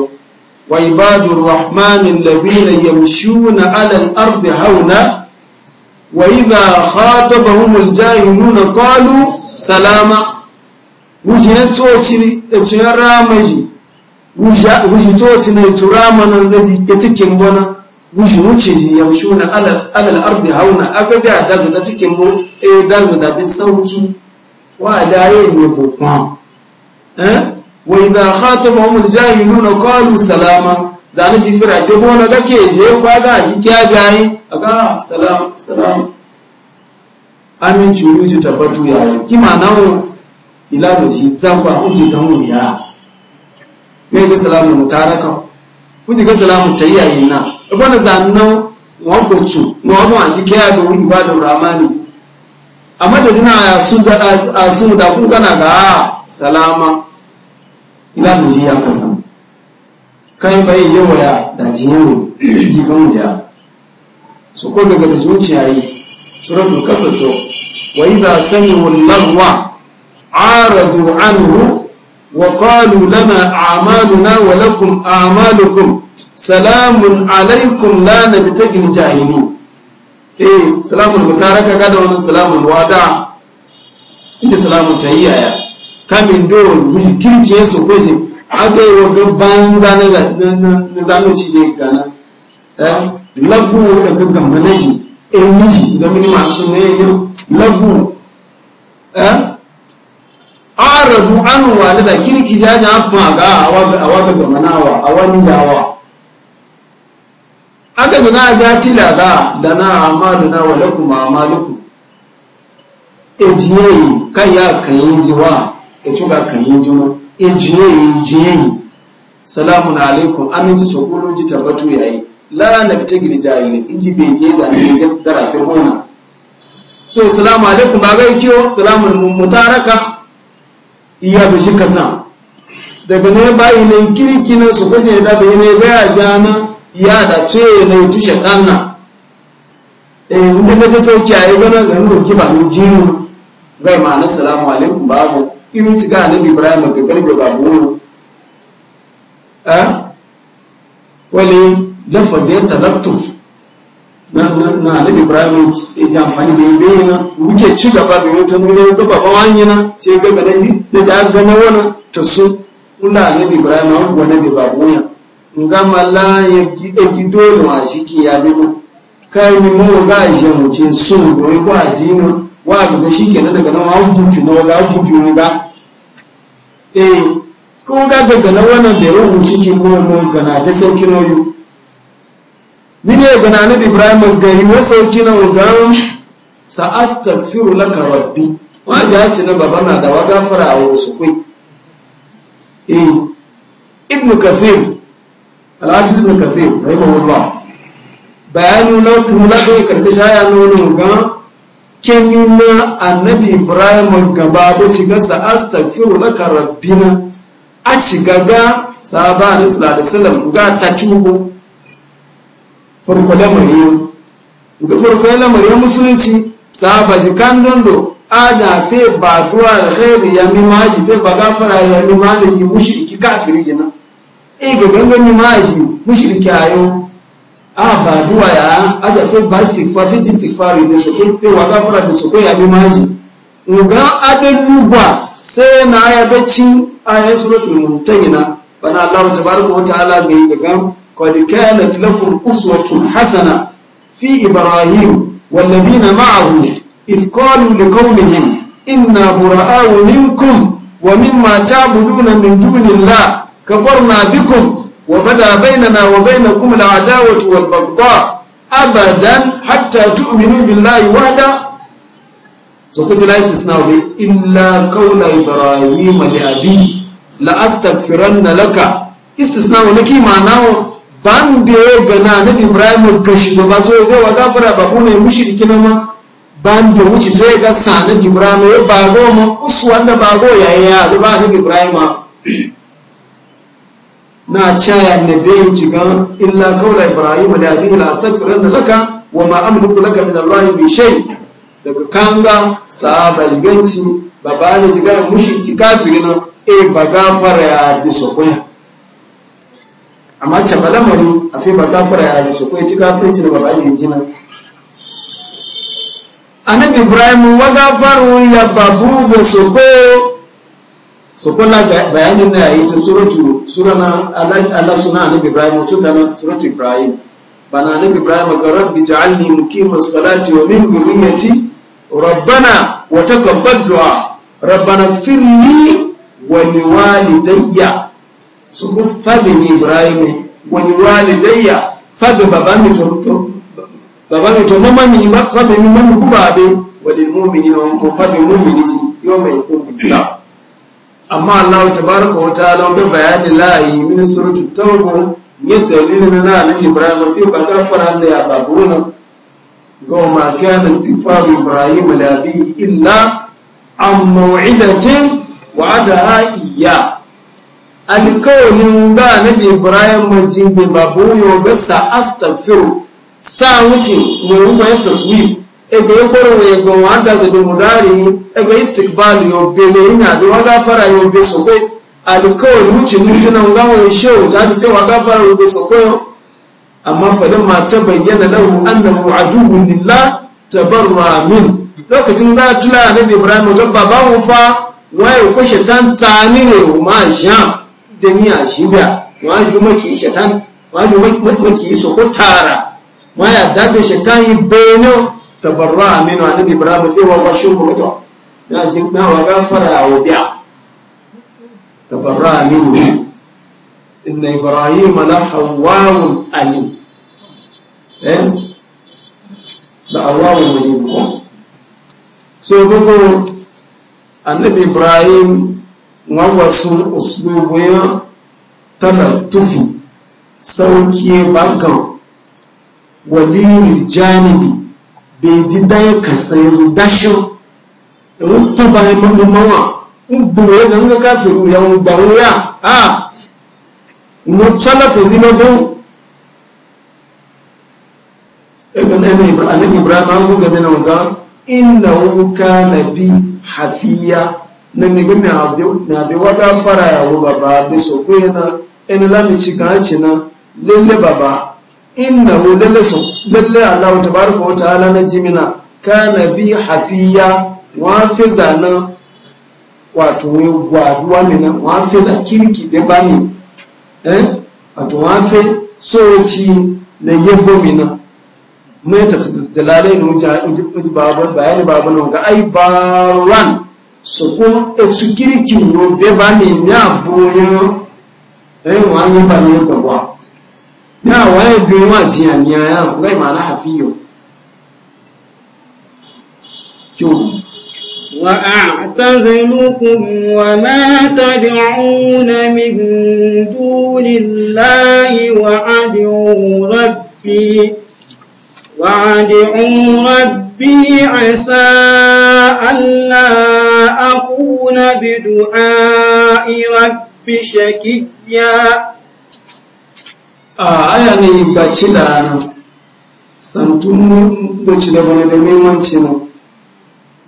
wa ibadur rahman alladhina yamshuna ala al-ardi hauna wa idha khatabahum al-jahilun qalu salama wujin tsoci da tsiyar ramaji wujudoci mai tura mana da ya cikin bana wuju wuce yamshu na alal ardi hauna agabi a daza ta cikin bu e daza da bi sauki wa da ya yi bukwa eh wa idha khatabahum aljahiluna qalu salama zani ji fira ke bona da ke je kwa ga ji kya gayi aga salam salam amin churuju tabbatu ya kima nawo ila da shi tamba uji gamu ya Mai da salamu mutaraka ji ga salamu tayyayi na ibana e zannan wọn kò tù ní ọdún àjíkẹ́ ba ìbádọ̀ ramani A ya da da àsúndàkún gánà ga salama mu ji ya kasa kai bai yawa ya da daji yawo gigan ya su ko daga da zuciya yi suratul kasaso wa idha sami'u lahwa aradu anhu وقالوا لنا أعمالنا ولكم أعمالكم سلام عليكم لا نبتغي الجاهلين eh salamun mutaraka ga da wannan salamun wada ita salamun tayyaya kamin do wuji kirke su ko shi aka yi waga banza na zanu ci gana eh lagu ga gamana shi eh miji ga mini ma sun ne lagu eh aradu an walida kirki ja ja fa ga awa ga manawa awani jawa aka ga na ja tila ga da na wa lakum amalukum ejiye kan ya kan yi jiwa e tuga kan yi jiwa ejiye ejiye salamun alaikum aminci sokolo ji tabbatu yayi la naktagil jahil iji bege za ne je dara bi hona so salamu alaikum ba ga kiyo salamun mutaraka iya bai shi kasa, daga ne bayi ne kirki na su kwaje da bai ne baya jana ya da ce ne tushe kanna eh na ta sauki yi gana zan roki ba mun jini gai ma na salamu alaikum mu irin cika ga annabi ibrahim ga karfe ba mu eh? wani lafazin talattuf na annabi ibrahim ya ji amfani da yabe na wuce ci gaba da wata mulai ga baba wani na ce ga ga dai da ja ga ta su kula annabi ibrahim an gona bi ba nga mala ya ki da dole wa shi ki ya bimu kai mi mu ga je mu ce su wa ga shi kenan daga nan an bufi na ga bufi mu ga eh ko ga ga da ruhu ko mu ga na da sauki Nini ya gana nabi ibrahim gari wasauki na ugan sa astaghfiru laka rabbi waje ya ce na baba na da waga fara a wasu kwai eh ibn kathir al-aziz ibn kathir rahimahullah Bayani na kula da karbi shaya nono ga kenyu na annabi ibrahim gaba da ciga sa astaghfiru laka na a ciga ga sahabanin sallallahu alaihi wasallam ga ta tubu farko lamari ga farko lamari musulunci sahaba ji kan dondo da fe ba duwa khairu ya mi maji fe ba gafara ya mi maji mushriki kafiri jina e ga gangan mi maji mushriki ayo a ba duwa ya da fe ba istighfar fe istighfar ne so ko fe wa gafara ne so ko ya mi maji nga adalugwa sai na ya bacci ayatul suratul mumtahina bana Allah tabaraka wa ta'ala bai ga قد كانت لكم أسوة حسنة في إبراهيم والذين معه إذ قالوا لقومهم إنا براء منكم ومما تعبدون من دون الله كفرنا بكم وبدا بيننا وبينكم العداوة والبغضاء أبدا حتى تؤمنوا بالله وحده سقط لا يستثنى إلا قول إبراهيم لأبي لأستغفرن لك استثناء لك معناه ban da ya gana na ibrahim gashi da ba zo ga waga fara ba ku ne mushi na ma ban da wuce zo ya ga sanin ibrahim ya ba go mu usu wanda ba go ya ya da ba ga ibrahim na caya na bai jiga illa kaula ibrahim da bi la astaghfiruna laka wa ma amliku laka min allah bi shay daga kanga sahaba jiganci babale jiga mushriki kafirin e ba gafara ya bi koya amma ce lamari a fi ba kafira ya da su ko ci kafirci da ba yi jina anabi ibrahim wa gafaru ya babu ga soko soko la bayanin da yi ta suratu surana na suna anabi ibrahim to ta na suratu ibrahim bana anabi ibrahim ga rabbi ja'alni muqima salati wa min dhurriyyati rabbana wa taqabbal du'a rabbana ighfir wani wa liwalidayya so ko fabe ni ibrahim wani walidayya fabe baba mi to to baba mi to mama mi ba fabe mi mama ku babe walil mu'minina wa fabe mu'mini ji yawma yaqum sa amma allah tabaraka wa ta'ala ga bayani lahi min surutu tawba ne dalilin na nan ibrahim fi ba gafara da ya babuna ga ma kana istighfar ibrahim la bi illa an maw'idatin wa'adaha iyyah alkawalin ga annabi ibrahim majin bai babu yau sa astaghfiru sa wuce mu ruwa ya taswif ebe ya kwaro ya ga wanda zabi mudari ebe istikbal yo bele ina da waga fara yo be sokwe alkawal wuce mun kina ga wa shehu ta tafi waga fara yo be sokwe amma falin ma ta bayyana lahu annahu aduwwun lillah tabarra min lokacin da tula annabi ibrahim ga babawo fa waye ko shaitan tsani ne ma jan Daniya niya shi biya wa ju maki shaitan wa ju maki so ko tara ma ya dabe shaitan bayno tabarra min wa nabi ibrahim fi wa bashur ko to na ji na wa gafara wa biya tabarra min inna ibrahim la hawwa'un alim eh da Allahu mulimu so bugu annabi ibrahim wawa sun uslubu ya tufi sauki bankan waliyul janibi bai ji daya kasa ya zo dashin ya ganga ya wuya a tsala go ibrahim an inna wuka na bi hafiya na miga na bi fara yawo baba bi so yana ina za mu ci kanci na lalle baba inna hu lalle so lalle Allah tabaraka wa ta'ala na jimina kana bi hafiya wa fi zana wato ne gwaduwa mina wa fi za kirki be bani eh wato wa fi soci na yabo mina mai tafsir jalalai na wuce babu bayani babu nan ga ai baran sokun esu kiriki wo beba ni ni aboyan ẹyin eh, wọn anyi ba ni gbọgbọ ní àwọn ẹbìnrin wọn àti àmì ara wọn ìmọ̀ aláhàfíyàn tó. وأعتزلكم وما تدعون من دون الله وأدعو ربي وأدعو ربي ربي عسى ألا أكون بدعاء ربي شكيا aya ne ba ci da nan santun da ci da wani da muhimmanci nan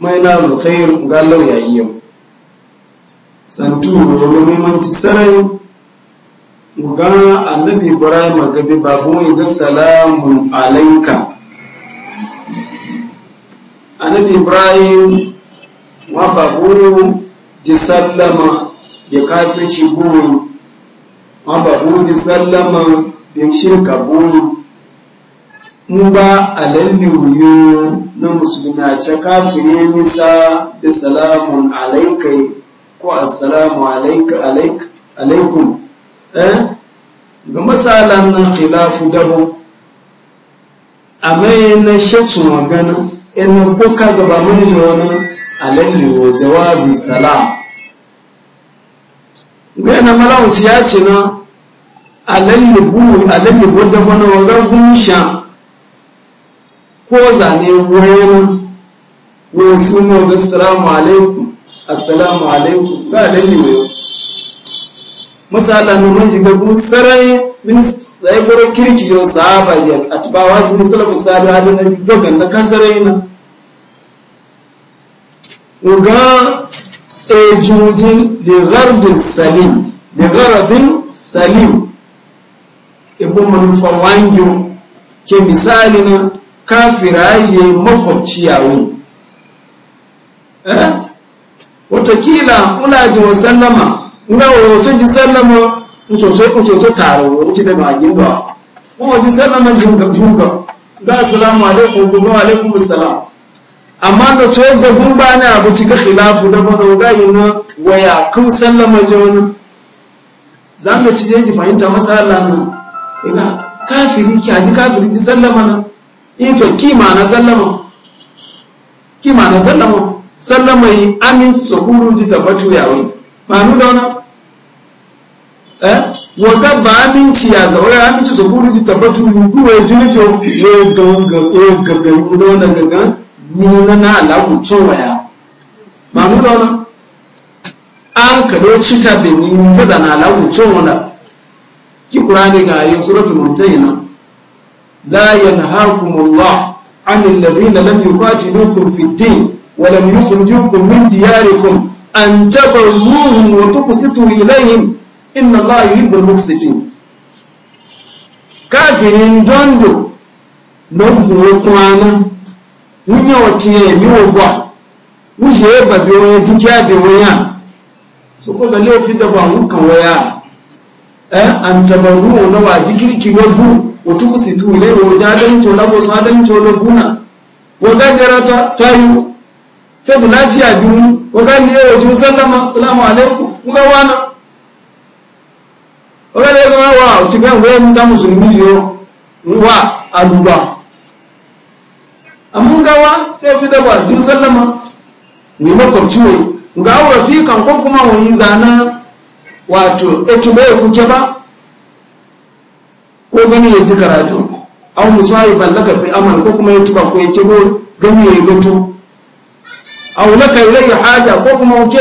mai na alkhair ga lauyayi yau santun da wani muhimmanci sarai ga annabi ibrahim gabe babu mai ga salamun alaika annabi ibrahim wa babu ji sallama ya kafirci buru wa babu ji sallama ya shirka buru in ba a lalliwuyo na musulma ce kafire nisa da salamun alaikai ko asalamu alaikum eh ga masalan na khilafu dabo a mai na shacin wa ganin in kuka gaba mun wani alayhi wa jawazi salam gana malawci ya ce na alayhi bu alayhi gwada wani wagan gunsha ko zane wayana ne su mu ga assalamu alaikum assalamu alaikum ga alayhi wayo misalan mun ji ga gusarai sai goro kirki yau sahaba ya atba wajibi ne salafu sabi hadu na gogan na kasare uga ejudin li gardin salim li ghardin salim ibu manufa wangyo ke misali na kafiraje makwabci yawo eh watakila ulaji wa sallama nga wa wasu ji sallama mucoco taro wuce da bagin da kuma wajen sallama junga-junga ga assalamu alaikum kuma wa alaikum salam. amma da to da gurba ne abu cika khilafu da bada ga yana waya kun sallama jawani za mu ci je fahimta masala nan ina kafiri ki aji kafiri ji sallama nan in to kima na sallama kima na sallama sallama yi amin sukuru ji tabatu yawi ma nu da Eh? wọ́ká bá aminci ya zaure aminci su gudu ji tabbatu rubu ya ji nufi ya gagaru na wani gaga ni na na alamun tsowa ya ba mu da wani an kado cita da ni fada na alamun tsowa na ki kurani ga yin suratul na. la yanhaakumullah anil ladina lam yuqatilukum fid din wa lam yukhrijukum min diyarikum an tabarruhum wa tuqsitu ilayhim inna Allah yuhibbul muqsitin kafirin dondo na buwo kwana munya watiye mi wa wogwa muje babe waya tikiya be waya su ko ga lefi da ba mu kan waya eh an tabaru na waji kirki wafu wato ku situ ne ro jadan to na bo sadan to na buna waga jarata tayu fa lafiya biyu waga ne wato sallama assalamu alaikum muga wana wa uti ga ngwe mza musulmi yo wa aduba amunga wa fe fi da ba jin sallama ni makwabci ne ga rafiqan ko kuma wani zana wato etube kuke ba ko gani ya ji karatu aw musayi ballaka fi amal ko kuma ya tuba ko ya kibo gani ya gato aw laka ya haja ko kuma ke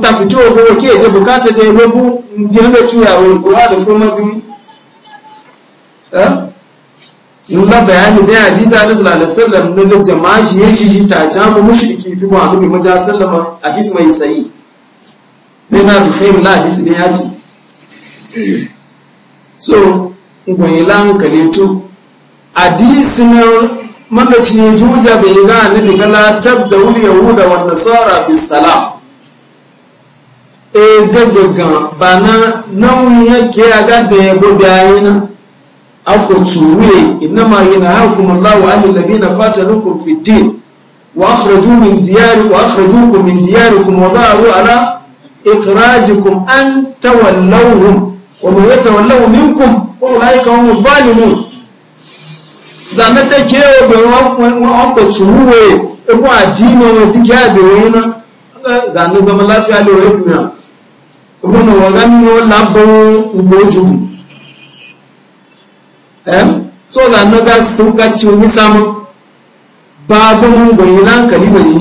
ta fito ko ke da bukata da lobu jihar tuya wa kuma da kuma bi eh nulla bayani da hadisi Allah sallallahu alaihi wasallam na da jama'a shi yashi shi ta mu mushriki fi ma annabi maja sallama hadisi mai sahi ne na bi khair la hadisi ne ya so ngoyi lan kaleto hadisi ne mandaci ne juja bai ga annabi gala tab da wuli yahuda wa nasara bis salam e gaggaga ba na nan yake ya ga da ya gobe ayina ako tuwe inama yanahaakum allahu ani alladhina qatalukum fi din wa akhraju min diyari wa akhrajukum min diyarikum wa dharu ala ikhrajikum an tawallawhum wa man yatawallahu minkum wa ulaika hum adh-dhalimun zane da ke obìnrin wọn kò túwò ẹkùn àdínà wọn ti kí àbẹ̀wò iná zane zama láfíà lè rẹ̀ mìíràn ọmọ náà wọ́n gánú ugboju wọ́n so zane ga sun gaci omi samun ba gọmọ gbọ̀nyìn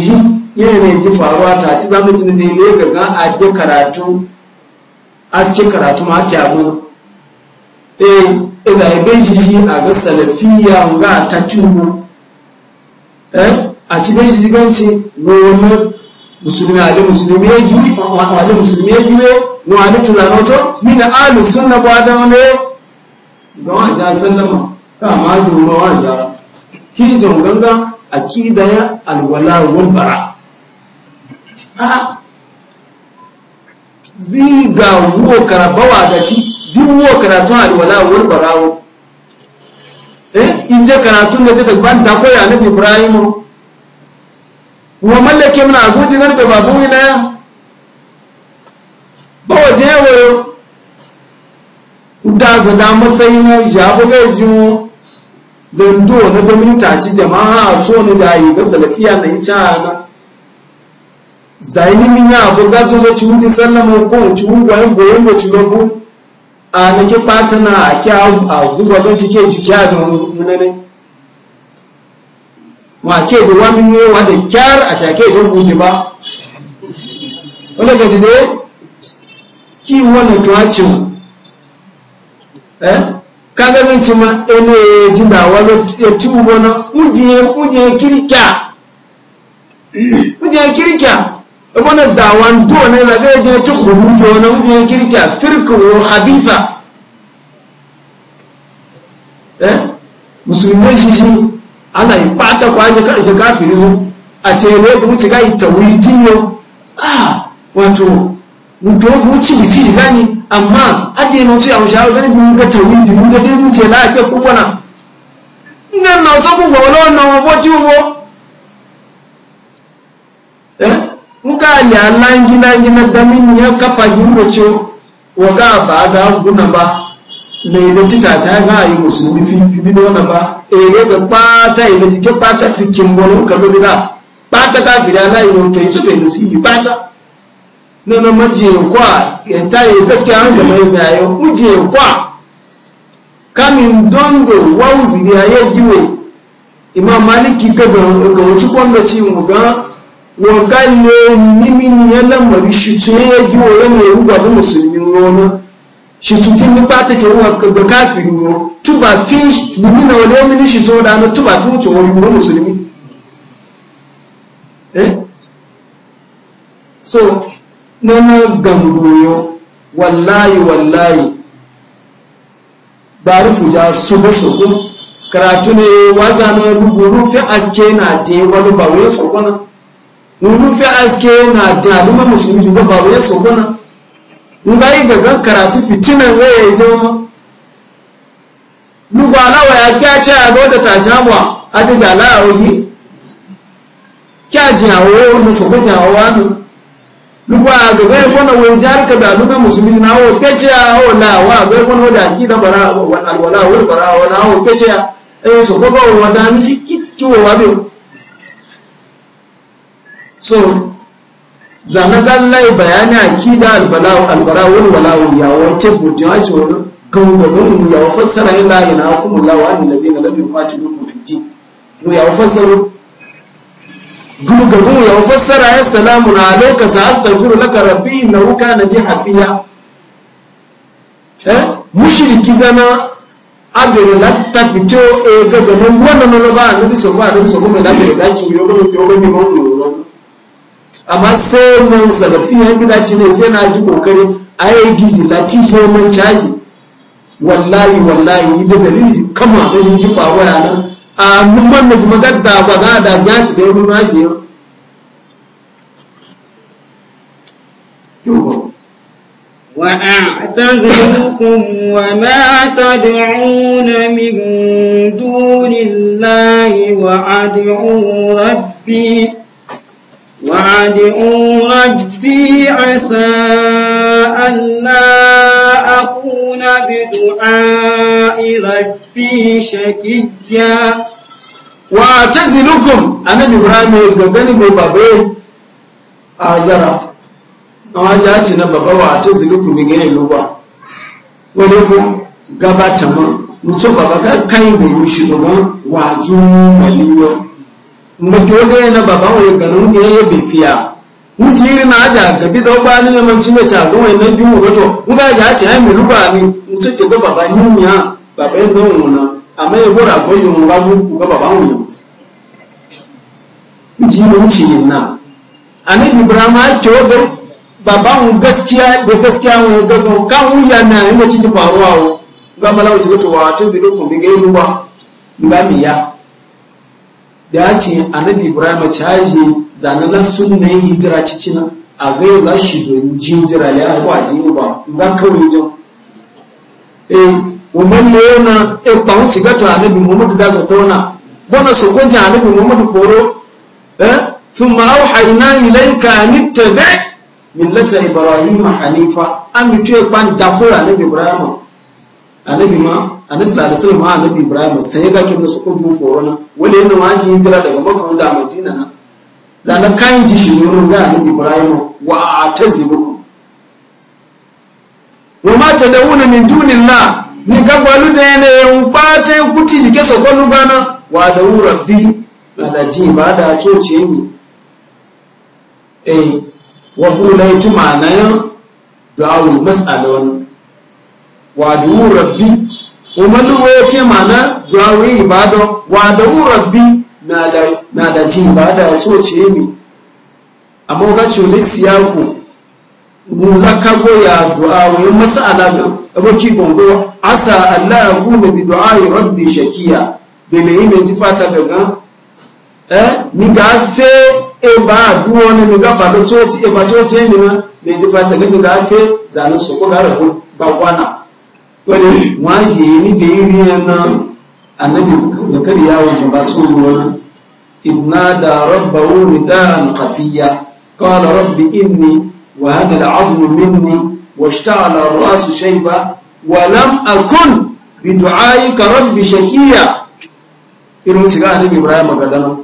yi gbọ̀nyìn yi faruwa ta ti zama ti ne zai ne gaga a karatu aske karatu ma ta abu eh ina ibe shi a ga salafiya ga ta tubu eh, a ci be shi ganci goma musulmi ali musulmi ya juyi wani musulmi ya juye wani tunanoto mina alu sunna ba da wani ga wani ja sallama ka ma juma wani ja ki don ganga akida ya alwala wal bara ziga wo karabawa da ci zuwa karatun alwala wal barawo eh inje ne da ban ta koya annabi ibrahim wa mallake mun abuji garbe babu ina ba waje wa da za da matsayin na jabu ga Zan zando na dominita ci jama'a a co da jayi ga salafiya na yi cana zaini min abu ga zo ci wuce sallama ko ci wuce goyon goyon ci lobu a na ki ɓata na a a ga cike ki kya da munane ma ke da wani ne wa da kyar a cake da buji ba wani ga dide ki wani tuwacin eh kaga min ci ma ene ji da wani ya tubo na mujiye mujiye kirkiya kirkiya wani dawan do ne zaga ya je ci huruji wani wuce ya kirka firkin habifa eh? musulmai shi shi ana yi bata kwaje kan shi kafiri zo a ce ne ku ci ga ita wudiyo ah wato mu to mu ci ci gani amma wuce a ci amsha ga mun ga tawidi mun ga dai mun ce la ke ku ngan na so ku ga wala wannan foti wo ga le alangi na ngi na damini ya kapa gimbo wa ga ba ga guna ba le ile tita ta ga yi musulmi fi bi e ne wannan ba ere ga pata ile ji kpata fi kimbo ka do bi da pata ka fi da ala yi to yi sota so to yi kpata pata na na maje kwa ya e ta yi gaskiya ran da mai bayo muje kwa kamin dondo wauzi ya yi giwe imam maliki ga wuce wuci kwanda ci mu ga wanga ne mimi ni yana mari shi tun ya gi wa yana ya ruga da musulmi wani shi tutun ni ba ta ce wa ga kafiri wo tuba fi mimi na wani mini ni to da na tuba fi wuce wani wani musulmi eh so na na gangoyo wallahi wallahi darufu ja su ba su kuma karatu ne waza na rubu rufe aske na te wani bawe wani su kuma fi aske na jaluma musulmi juga ba wuya sokona nga yi gaga karatu fitinan waya ya zama nuba alawa ya kya ce a ga wadda ta jamwa a ta jala a wagi kya ji a waya wanda sokota a wani nuba a gaga ya kwana wai jihar ka da nuna musulmi na hawa kya ce a hawa la wa a ga kwana wadda aki da bara wani alwala wani bara wani hawa kya ce a yi eh, sokota wa wadda ni shi ki wa biyu so zana gallai bayani akida albalaw albaraw wal walaw ya wace buti wace wani gangamin ya fassara ila ina kuma lawa an nabi na nabi kwati duk mutiji mu ya fassara mu ya fassara ya salamu alayka sa astaghfiru laka rabbi innahu kana bi hafiya eh mushriki gana abere la tafito e gangamin wannan ba annabi sallallahu alaihi wasallam da ke daki yo ga to ga ni mu amma sai nan sarrafi ya gida ci ne sai na ji kokari a yi gizi lati sai mun caji wallahi wallahi yi da dalili kama da shi ji faruwa ya nan a numan da su magadda ba za a da jaci da mun rashi yau وأعتزلكم وما تدعون من دون الله وأدعو ربي واستعدئوا ربي عسى ألا أكون بدعاء ربي شكيا واعتزلكم أنا إبراهيم يقبلني ببابي أزرع أواجه أتنا بابا واعتزلكم من غير لغة ولكم gabata ma mutum baba ka kai bai mishi ba wajen maliyo mutoge na baban wai ganin je ya bifiya fiya mutiri na aja gabi da ba ni man cime ca go wai na jumu goto mu ga ja ce ai mi ruba ni mutu ke go baba ni nya baba en na amma ya gora go ju mu ga ga baba mu ya ji mu na anabi ibrahim a ce go mu gaskiya da gaskiya mu ga go kan wuya na yi mace ta faruwa ga malawa ta to wa ta zai ko bi ga ruwa ngamiya da ce annabi ibrahim caji zananan sunan hijira cicina a gai za shi domin jinjira ya a dini ba ba kawai E eh wannan ne yana e ba mu shiga to annabi muhammadu da zata ta wana bona so ko ji annabi muhammadu foro eh thumma auhayna ilayka an nittabe millata ibrahim hanifa an mutu ya ban dakura ko annabi ibrahim annabi ma annabi sallallahu alaihi wasallam annabi ibrahim sai ya gake musu ko dun foro na wanda yana ma ji hijira daga makka wanda a madina na zalan kan ji shirurun ga annabi ibrahim wa atazibukum wa ma tadawuna min dunillah ni gagwalu da yana yan bata kuti jike sokonu bana wa da na da ji ba da coce mi eh wa kulaitu ma'anayan du'a mas'alon wàdùn rọ̀bí umarnuwa ya ce mana duwawun ibadan wàdùn rabbi na da ji ibada ya ce wace yi amma wakacin olisi ya ku mulaka goya duwawun masala ga abokin gongo asa allah ya kuna bi duwawun rabbi shakiya bele yi mai fata gangan eh mi ga fe e ba duwo ne mi ga ba da coci e ba coci ne na mai jifata gangan ga fe zanen su ko ga rabu ba kwana wani waje ni da iri yana annabi zakariya wajen ba tsoro wani idna da rabba wuri da kafiya kawai rabbi inni wa hada da azumin minni wa shta'ala rasu shaiba wa lam akun bi du'ayi ka rabbi shakiya irin shiga annabi ibrahim gadana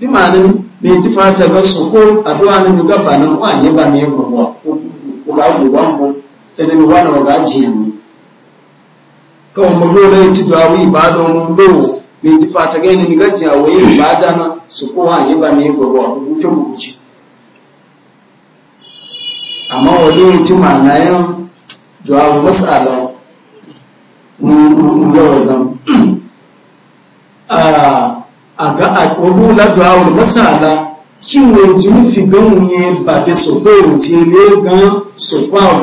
bi ma'anin me ti fata ba su ko addu'a ne ga ba nan wa ne ba ne ko ba ko ba ko ba ko da ne wa na kawai mu dole ci dawi ba da mu do ne ji fata ga ne ga ji awaye ba da na su ko yi ba ne gogo a ku fi amma wani ma na yan dawa masala mu ga a a ga a ko la dawa masala kí wọ́n ojú fi gán wọ́n yẹn bàbá sọ̀kọ́ èròjì ilé gan sọ̀kọ́ àwọn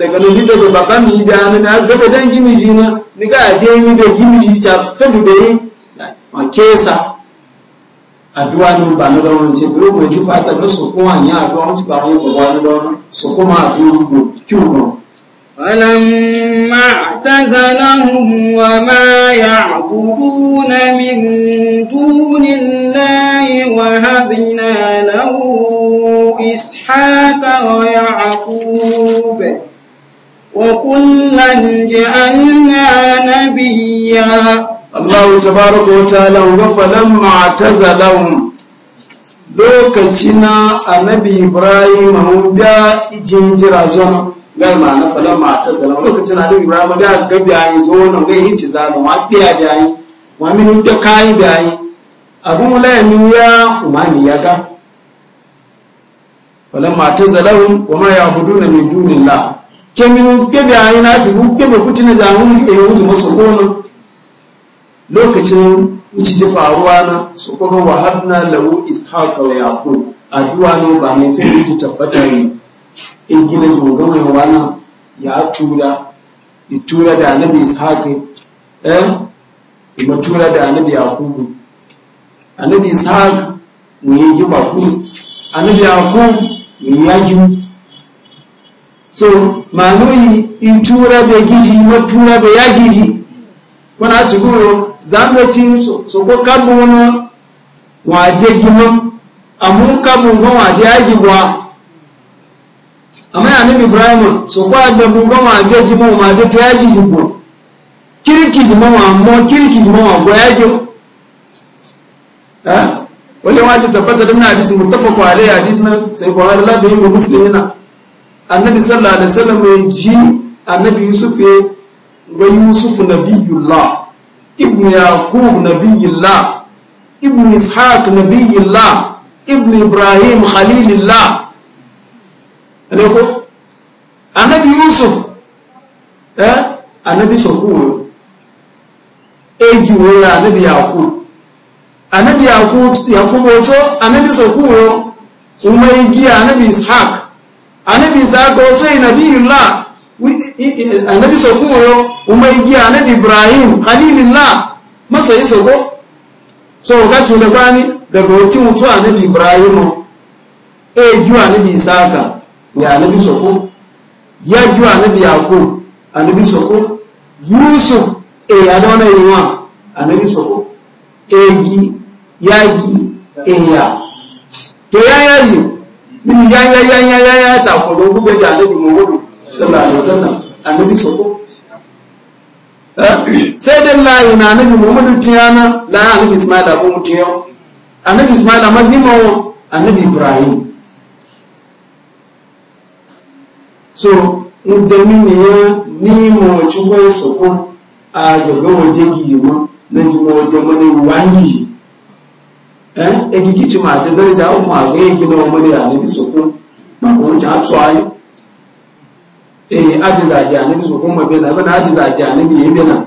daga lolita da baka mi da na na gaba dan gimi shi na ni ga de mi da gimi shi ta fedu da yi ma kesa addu'a ni ba na da wani ce dole mu ji fata na su ko an ya addu'a mu ba mu ba na da su kuma addu'a mu kyuno فلما اعتزلهم وما يعبدون من دون الله وهبنا له إسحاق ويعقوب وكلا جعلنا نبيا الله تبارك وتعالى فلما اعتزلهم lokacina annabi ibrahim mun ga jinjira zon gal ma na falan ma ta zala lokacin annabi ibrahim ga ga biyayi zo wannan ga hinci zalo ma biya biyayi wa min da kai biyayi abu mulami ya umani ya ga falan ma ta zala wa ma ya'buduna min dunillah kemi kebe a yana ji mu kebe kuti na jamu e yanzu masu kono lokacin wuce ta faruwa na su kuma wa habna lahu ishaqa wa yaqub addu'a ne ba ne fi ji tabbata ne in gina jogon mai wana ya tura ya e tura da annabi ishaqa e, e eh ya tura da annabi yaqub annabi ishaq mu yi giba ku annabi yaqub mu yi yaji so manuyi in tura be gizi ma tura be ya gizi wana ci guro zango ci so so ko kabu wana wa de gimo amun kabu go wa de aji gwa amma ya nabi ibrahim so ko da bu go wa de gimo ma de to ya gizi gwa kiriki zimo wa mo kiriki ma wa go ya jo eh wala wa ta tabbata da hadisi muttafaq alayhi na sai ko har la da yin muslimina annabi sallallahu alaihi wasallam ya ji annabi yusuf ya wa yusuf nabiyullah ibn yaqub nabiyullah ibn ishaq nabiyullah ibn ibrahim khalilullah aleko annabi yusuf eh annabi sokuwo ya annabi yaqub annabi yaqub yaqub so annabi sokuwo kuma igi annabi ishaq anabi sako sai nabiyullah anabi sako yo umma igi anabi ibrahim khalilullah masa yi soko. so ga tuna bani daga wati mutu anabi ibrahim e ju anabi isaka ya anabi sako ya ju anabi yakub anabi sako yusuf e adona yiwa anabi sako egi yagi eya to ya yaji mini ya ya ya ya ya ya ta ko do buga da annabi Muhammad sallallahu alaihi wasallam annabi soko sai dan la yana annabi Muhammad tiyana la annabi Ismail abu mutiyo annabi Ismail amazima annabi Ibrahim so mudamini ya ni mo chukwe soko a yogo wajegi yimo na yimo wajegi Eh? egigici ma da daraja uku a ga gina wa murya na bisu ko ba kuma ci hatsu ayo eh abi zagi a nabi sokon ma bena bana abi zagi a nabi yi bena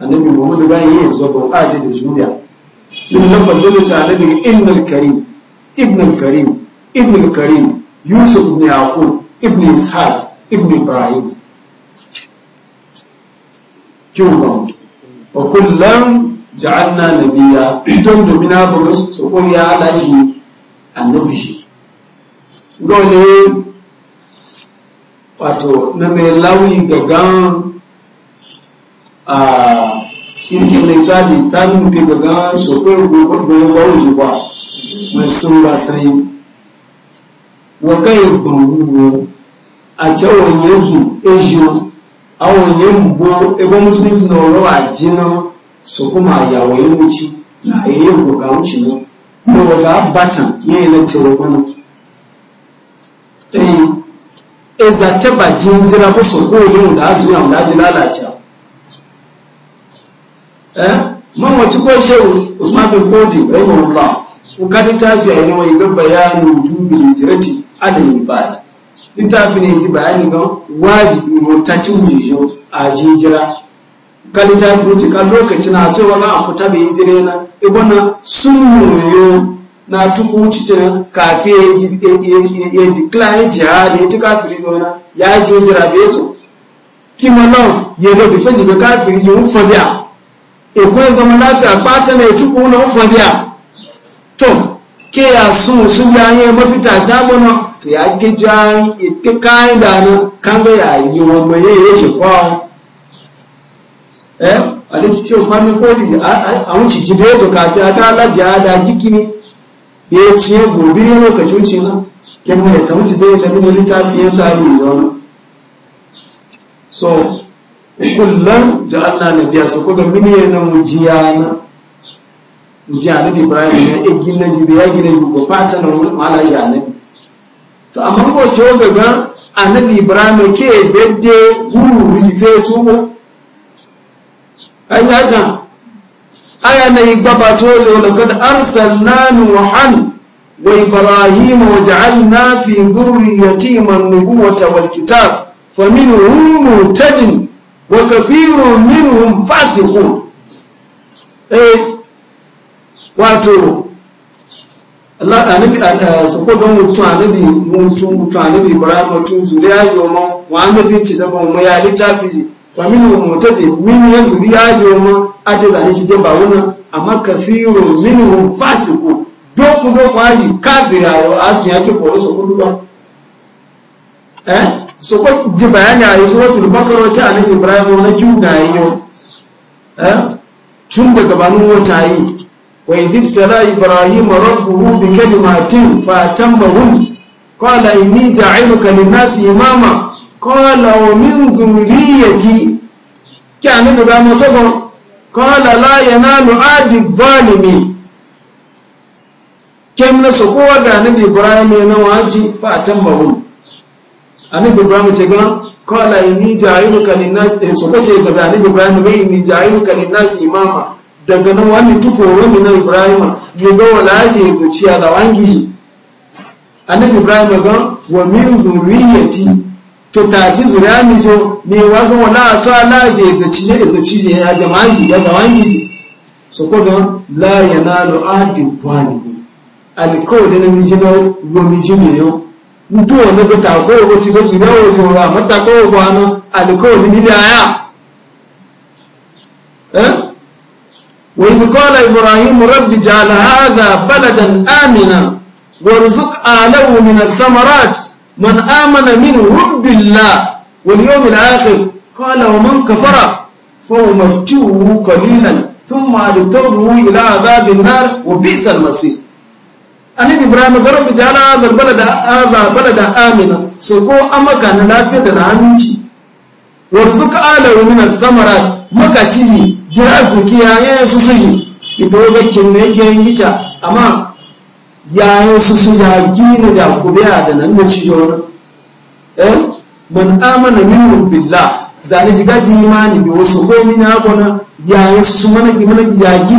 annabi muhammad ga yi so ko adi da juriya min lafazin ta nabi innal karim ibnul karim ibnul karim yusuf ibn yaqub ibn ishaq ibn ibrahim kuma wa kullum ja'alna nabiya don domina ba su sokon ya ala shi annabi shi dole wato na mai lawi ga gan a kirkin da jadi ta nufi ga gan su gobe gwamnati ji ba mai sun ba sai wa kai gbogbo a cewon yanzu ejo awon yin bo ebe musulunci na wani wa jinan so kuma ya wayi wuci na yi yin goga wuci ne ko goga batan ne na tewo mana eh e za ta ba jinjira ba so ko yin da azu ya da ji lalacewa eh man wace ko shehu Usman bin Fodi rahimahullah ko ka littafi a yi mai ga bayanin wujubi hijrati adal ibad littafi ne ji bayani ga wajibi mutacin wujijin a jinjira Kalita ta ka lokaci na cewa na akuta bai jire na ibona sun yoyo na tuku cikin kafi ya declare jihadi ya ti kafiri zona ya ji jira bai zo kima nan ya ga bi faji bi kafiri yi ufa biya ikwai e zama lafiya bata ne tuku na ufa biya to ke ya sun sun ya yi mafita ta gona to ya ke jayi ya ke kayan da nan kan ga ya yi wani ya yi shi kwawo eh alif ki usman bin fodi a wuce jibe to kafi a ta la jada gikini ya ce gobe ne lokacin ci na kin ne ta wuce bai da ne littafi ya tare da wani so kullum da Allah na biya su kuma mini na mujiya na mujiya na na egin na jibe ya gina jibe fata na wani to amma ko to ga anabi Ibrahim ke bedde guru rife tubo an yaja aya na igba ba to yo laqad arsalna nuhan wa ibrahim wa na fi dhurriyyatihim an-nubuwata wal kitab faminhum muhtadin wa kathirun minhum fasiqun eh wato Allah anabi su ko don mutu anabi mutu mutu anabi ibrahim mutu zuriya zo mu wa anabi ci da mu ta littafi faminu mu mutadi min ya zuri ya jo mu adda ne shi dan bawuna amma kathirun minhum fasiqu doku doku aji kafira yo ko eh so ko ji bayani ayi so wato annabi ibrahim na kiuga yo eh tun daga banu wata yi wa idhtara ibrahim rabbuhu bi kalimatin fa tammahun qala inni ja'iluka lin-nasi imama kọ́ọ̀lá omin zuriyeti kí a nínú bá mọ́ sọ́kọ́ kọ́ọ̀lá náà lọ áàdì zalimi kem na su kowa ga níbi ibrahim níbi ibrahim ce gan kọ́ọ̀lá ini kanin a níbi ibrahim mai ini jahilu kanin nasi imama daga wani wani na ibrahim to ci zuriya mi zo ne wa ga a ta la zai da ci ne zai ci ya jama'i ya zawangi shi so ko don la yanalu ahdi zalimi alko da na miji na go miji ne yo nto wani ko ta ko ko ci da zuriya wo zo wa mata ko ko ano alko da ni da ya wani eh? wa idh qala ibrahim rabbi ja'al hadha baladan amina warzuq alahu min ath-thamarat من آمن من رب الله واليوم الآخر قال ومن كفر فأمرته قليلا ثم أدتره إلى عذاب النار وبئس المسيح أنه إبراهيم قرب جعل هذا البلد هذا بلد آمنا سوكو أما كان لا فيد العنجي وارزق آله من الثمرات مكا تيجي جهازك يا يا إبراهيم كنا يجي أما yayin su su yaki na jakubiya da nan da ciyo na eh man amana minhum billah zane shiga ji imani bi wasu ko min gona yayin su su mana ki mana yaki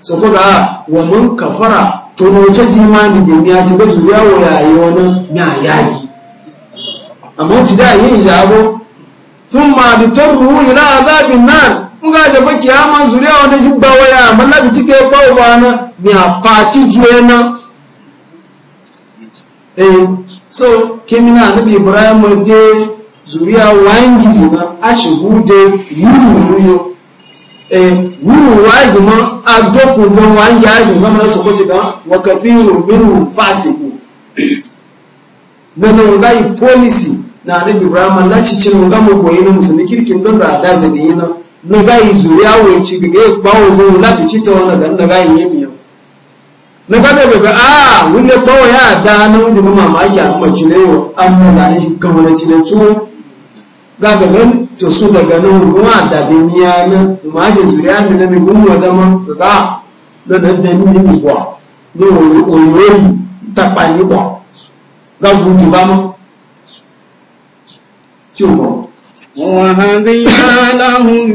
so ko a wa mun kafara to no ce ji imani bi miya ci ba zuriya wa yayi wani na yaki amma ci da yin jabo thumma bitarru ila azabin nar muga zafa kiyama zuri wanda shi ba waya malla bi cike ba ba na mi a pati juena eh so kemina nabi ibrahim e de zuriya wangi zina a shigu de yuru yuru eh wuru wazi ma adoku don wangi azi ma na so koji ga wa fasiku nanu ngai policy na nabi ibrahim lati cinu ga mu boyi na musulmi kirkin don da da zabi na no ga zuriya wai ci ga mu daga na daga a ah, wunne bawa ya da na wuje mu mamaki a kuma cire yo amma ah, da ne shi kamar ci da cu ga ga to su daga nan kuma da bin ya ma zuriya ne na mi gunwa da ma da da da ni mi kwa ni oyoyi ta pa kwa ga gutu ba mo ti ووهبنا لهم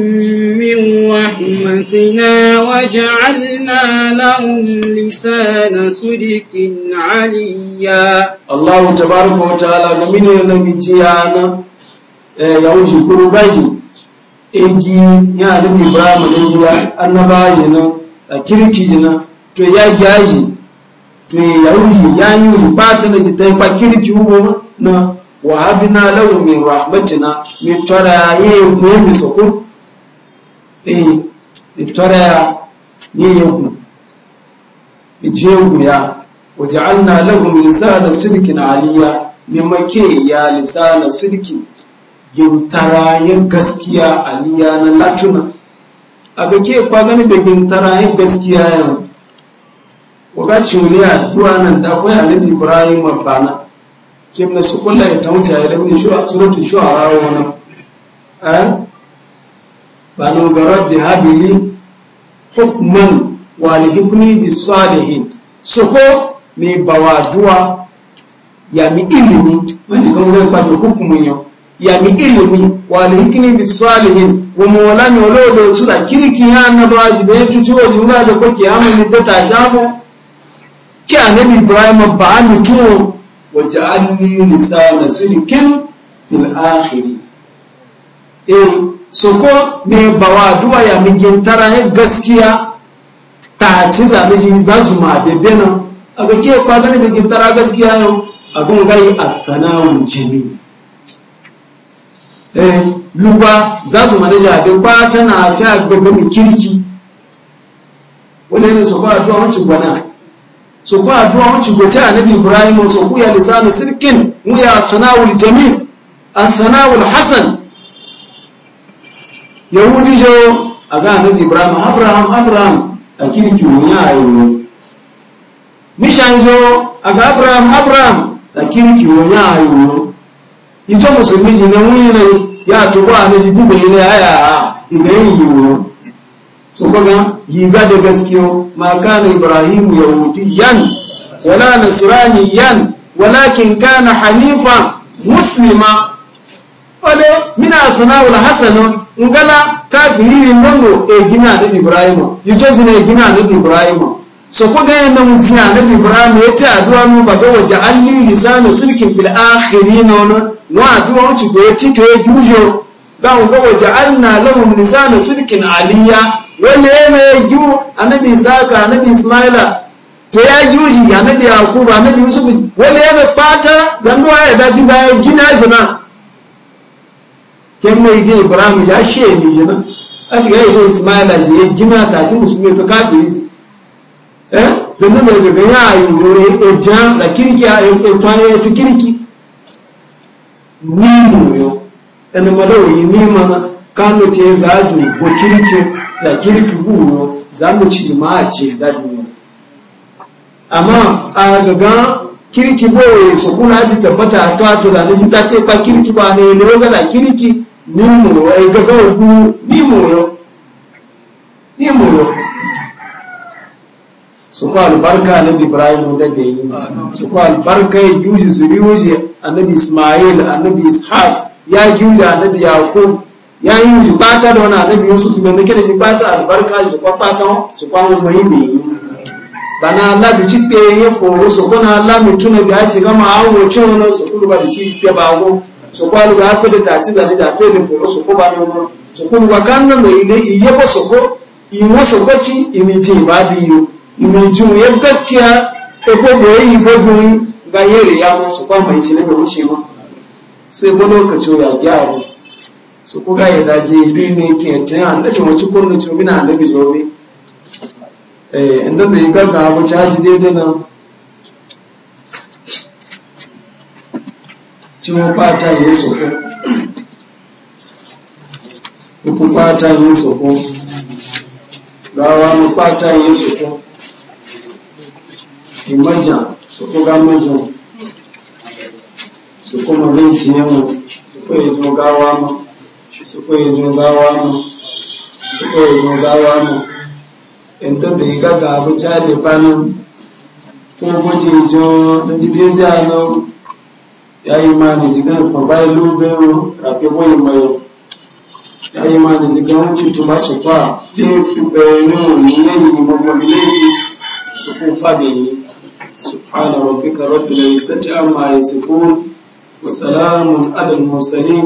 من رحمتنا وجعلنا لهم لسان صدق عليا الله تبارك وتعالى من ينبتيانا يوشي كرباجي igi ya nufi ibrahim da giya annaba jina ya gyaji to ya wuce ya yi wuce ba ta wa habina lahu min rahmatina mi tara ye ku mi soko eh mi tara ye ye ku mi je ku ya wa ja'alna lahu min sa'ad sidqin aliya mi make ya lisana sidqin gintara ya gaskiya aliya na latuna a ga ke kwa gani da gintara ya gaskiya ya wa ga chuliya duwa nan da kwai annabi ibrahim bana kim na su kulla ya tawuce ya lamin suratun shu'ara wannan eh ba no garab bi habili hukman walihifni bi salihin soko mi bawadua ya mi ilimi wani kan wani kwanin hukumin yau ya mi ilimi walihifni bi salihin Wa wala mi olodo su da kirki ya na ba ji bai cuci wa jimla da kwaki ya mai data jamo ki annabi ibrahim ba mi tuwo waj'alni lisana sidqin fil akhiri eh soko me bawa duwa ya migin tara ya gaskiya ta ci zabe za su ma bebe nan a ga ke kwa gani migin tara gaskiya yau abin gai asanawun jini eh luba za su mana jabe ba tana fi a gaba kirki wani a duwa wancin gwana so ko addu'a wuce gote annabi ibrahim so ku ya lisanu sirkin mu ya sanawul jamil asanawul hasan yahudi jo aga annabi ibrahim abraham abraham akiri ki mu ya ayo mishan jo aga abraham abraham akiri ki mu ya ayo Ito musulmi na mu ya ya to ba annabi dibe ha, ina yi yiwo kuma yiga da gaskiyo ma kana ibrahim yahudiyan wala nasraniyan walakin kana hanifa muslima wale mina sanawul hasan ngala kafiri nondo e gina da ibrahim yujozi ne gina da ibrahim so kuga yana mujiya da ibrahim ya ta addu'a mu ba ga waje alli lisanu sulkin fil akhirin wa no addu'a ci ko ya tito ya ga ga waje alna lahum lisanu sulkin aliyya wanda ya mai gyu annabi isaka annabi ismaila to ya gyu shi annabi yakubu annabi yusuf wanda ya fata zanduwa ya daji baya gina shi na ken mai gina ibrahim ya shi ya ne jina a shiga ya gina ismaila shi ya gina ta ci musulmi to kafiri eh zandu mai gaga ya yi wuri ejan da kirki a ejan ya ci kirki ni mu yo ɗan malawi ni mana kano ce za a ju bo kirki da kirki guno za mu ci ma ce da duniya amma a gaga kirki boye su kuna ji tabbata ta to da ni ta ce ba kirki ba ne ne ga da kirki ni mu ai gaga ku ni mu yo ni mu yo su ko albarka na ibrahim da bai yi su ko albarka ya juji su riwoje annabi ismail annabi ishaq ya juji annabi yaqub yayin ji bata da wani annabi yusuf mai nake da ji bata albarka ji kwa fata su kwa mu muhimmi bana allah bi cipe ya foro su kuna allah tuna bi a ci gama awo ci wani su kuma ba da ci ya bago su kwa lu ga da tati zane da fe da foro ko ba no kuma ba kan nan iye ba ko iwo su ko ci imi ji ba bi yo imi ji mu ya gaskiya e ko bo yi bo gun e ga yere ya mu su kwa mai ne mu mu sai bo lokacin ya gyara su kuga ya daji bi ne ke ta yi annabi wacce kunnu ce mina annabi jobi eh inda bai gaga abu caji daidai nan tí wọ́n kwata yìí sọ̀kún ikú pàtà yìí sọ̀kún rárá mú pàtà yìí sọ̀kún ìmọ̀jà sọ̀kún gá mọ̀jọ̀ sọ̀kún mọ̀ ní ìtìyẹ̀mọ̀ sọ̀kún ìjọ gá gawa mu suko yi zo gawa mu suko yi zo gawa mu in to da iga fanin ko gwaje jo da ji daidai a nan ya yi ma da jigan fabai mu, rafi boyi mai ya yi ma da jigan wuce ba su kwa laifin bayanin ne ya yi mabbabi laifin su kun fabe ne سبحان ربك رب العزة عما يصفون وسلام على المرسلين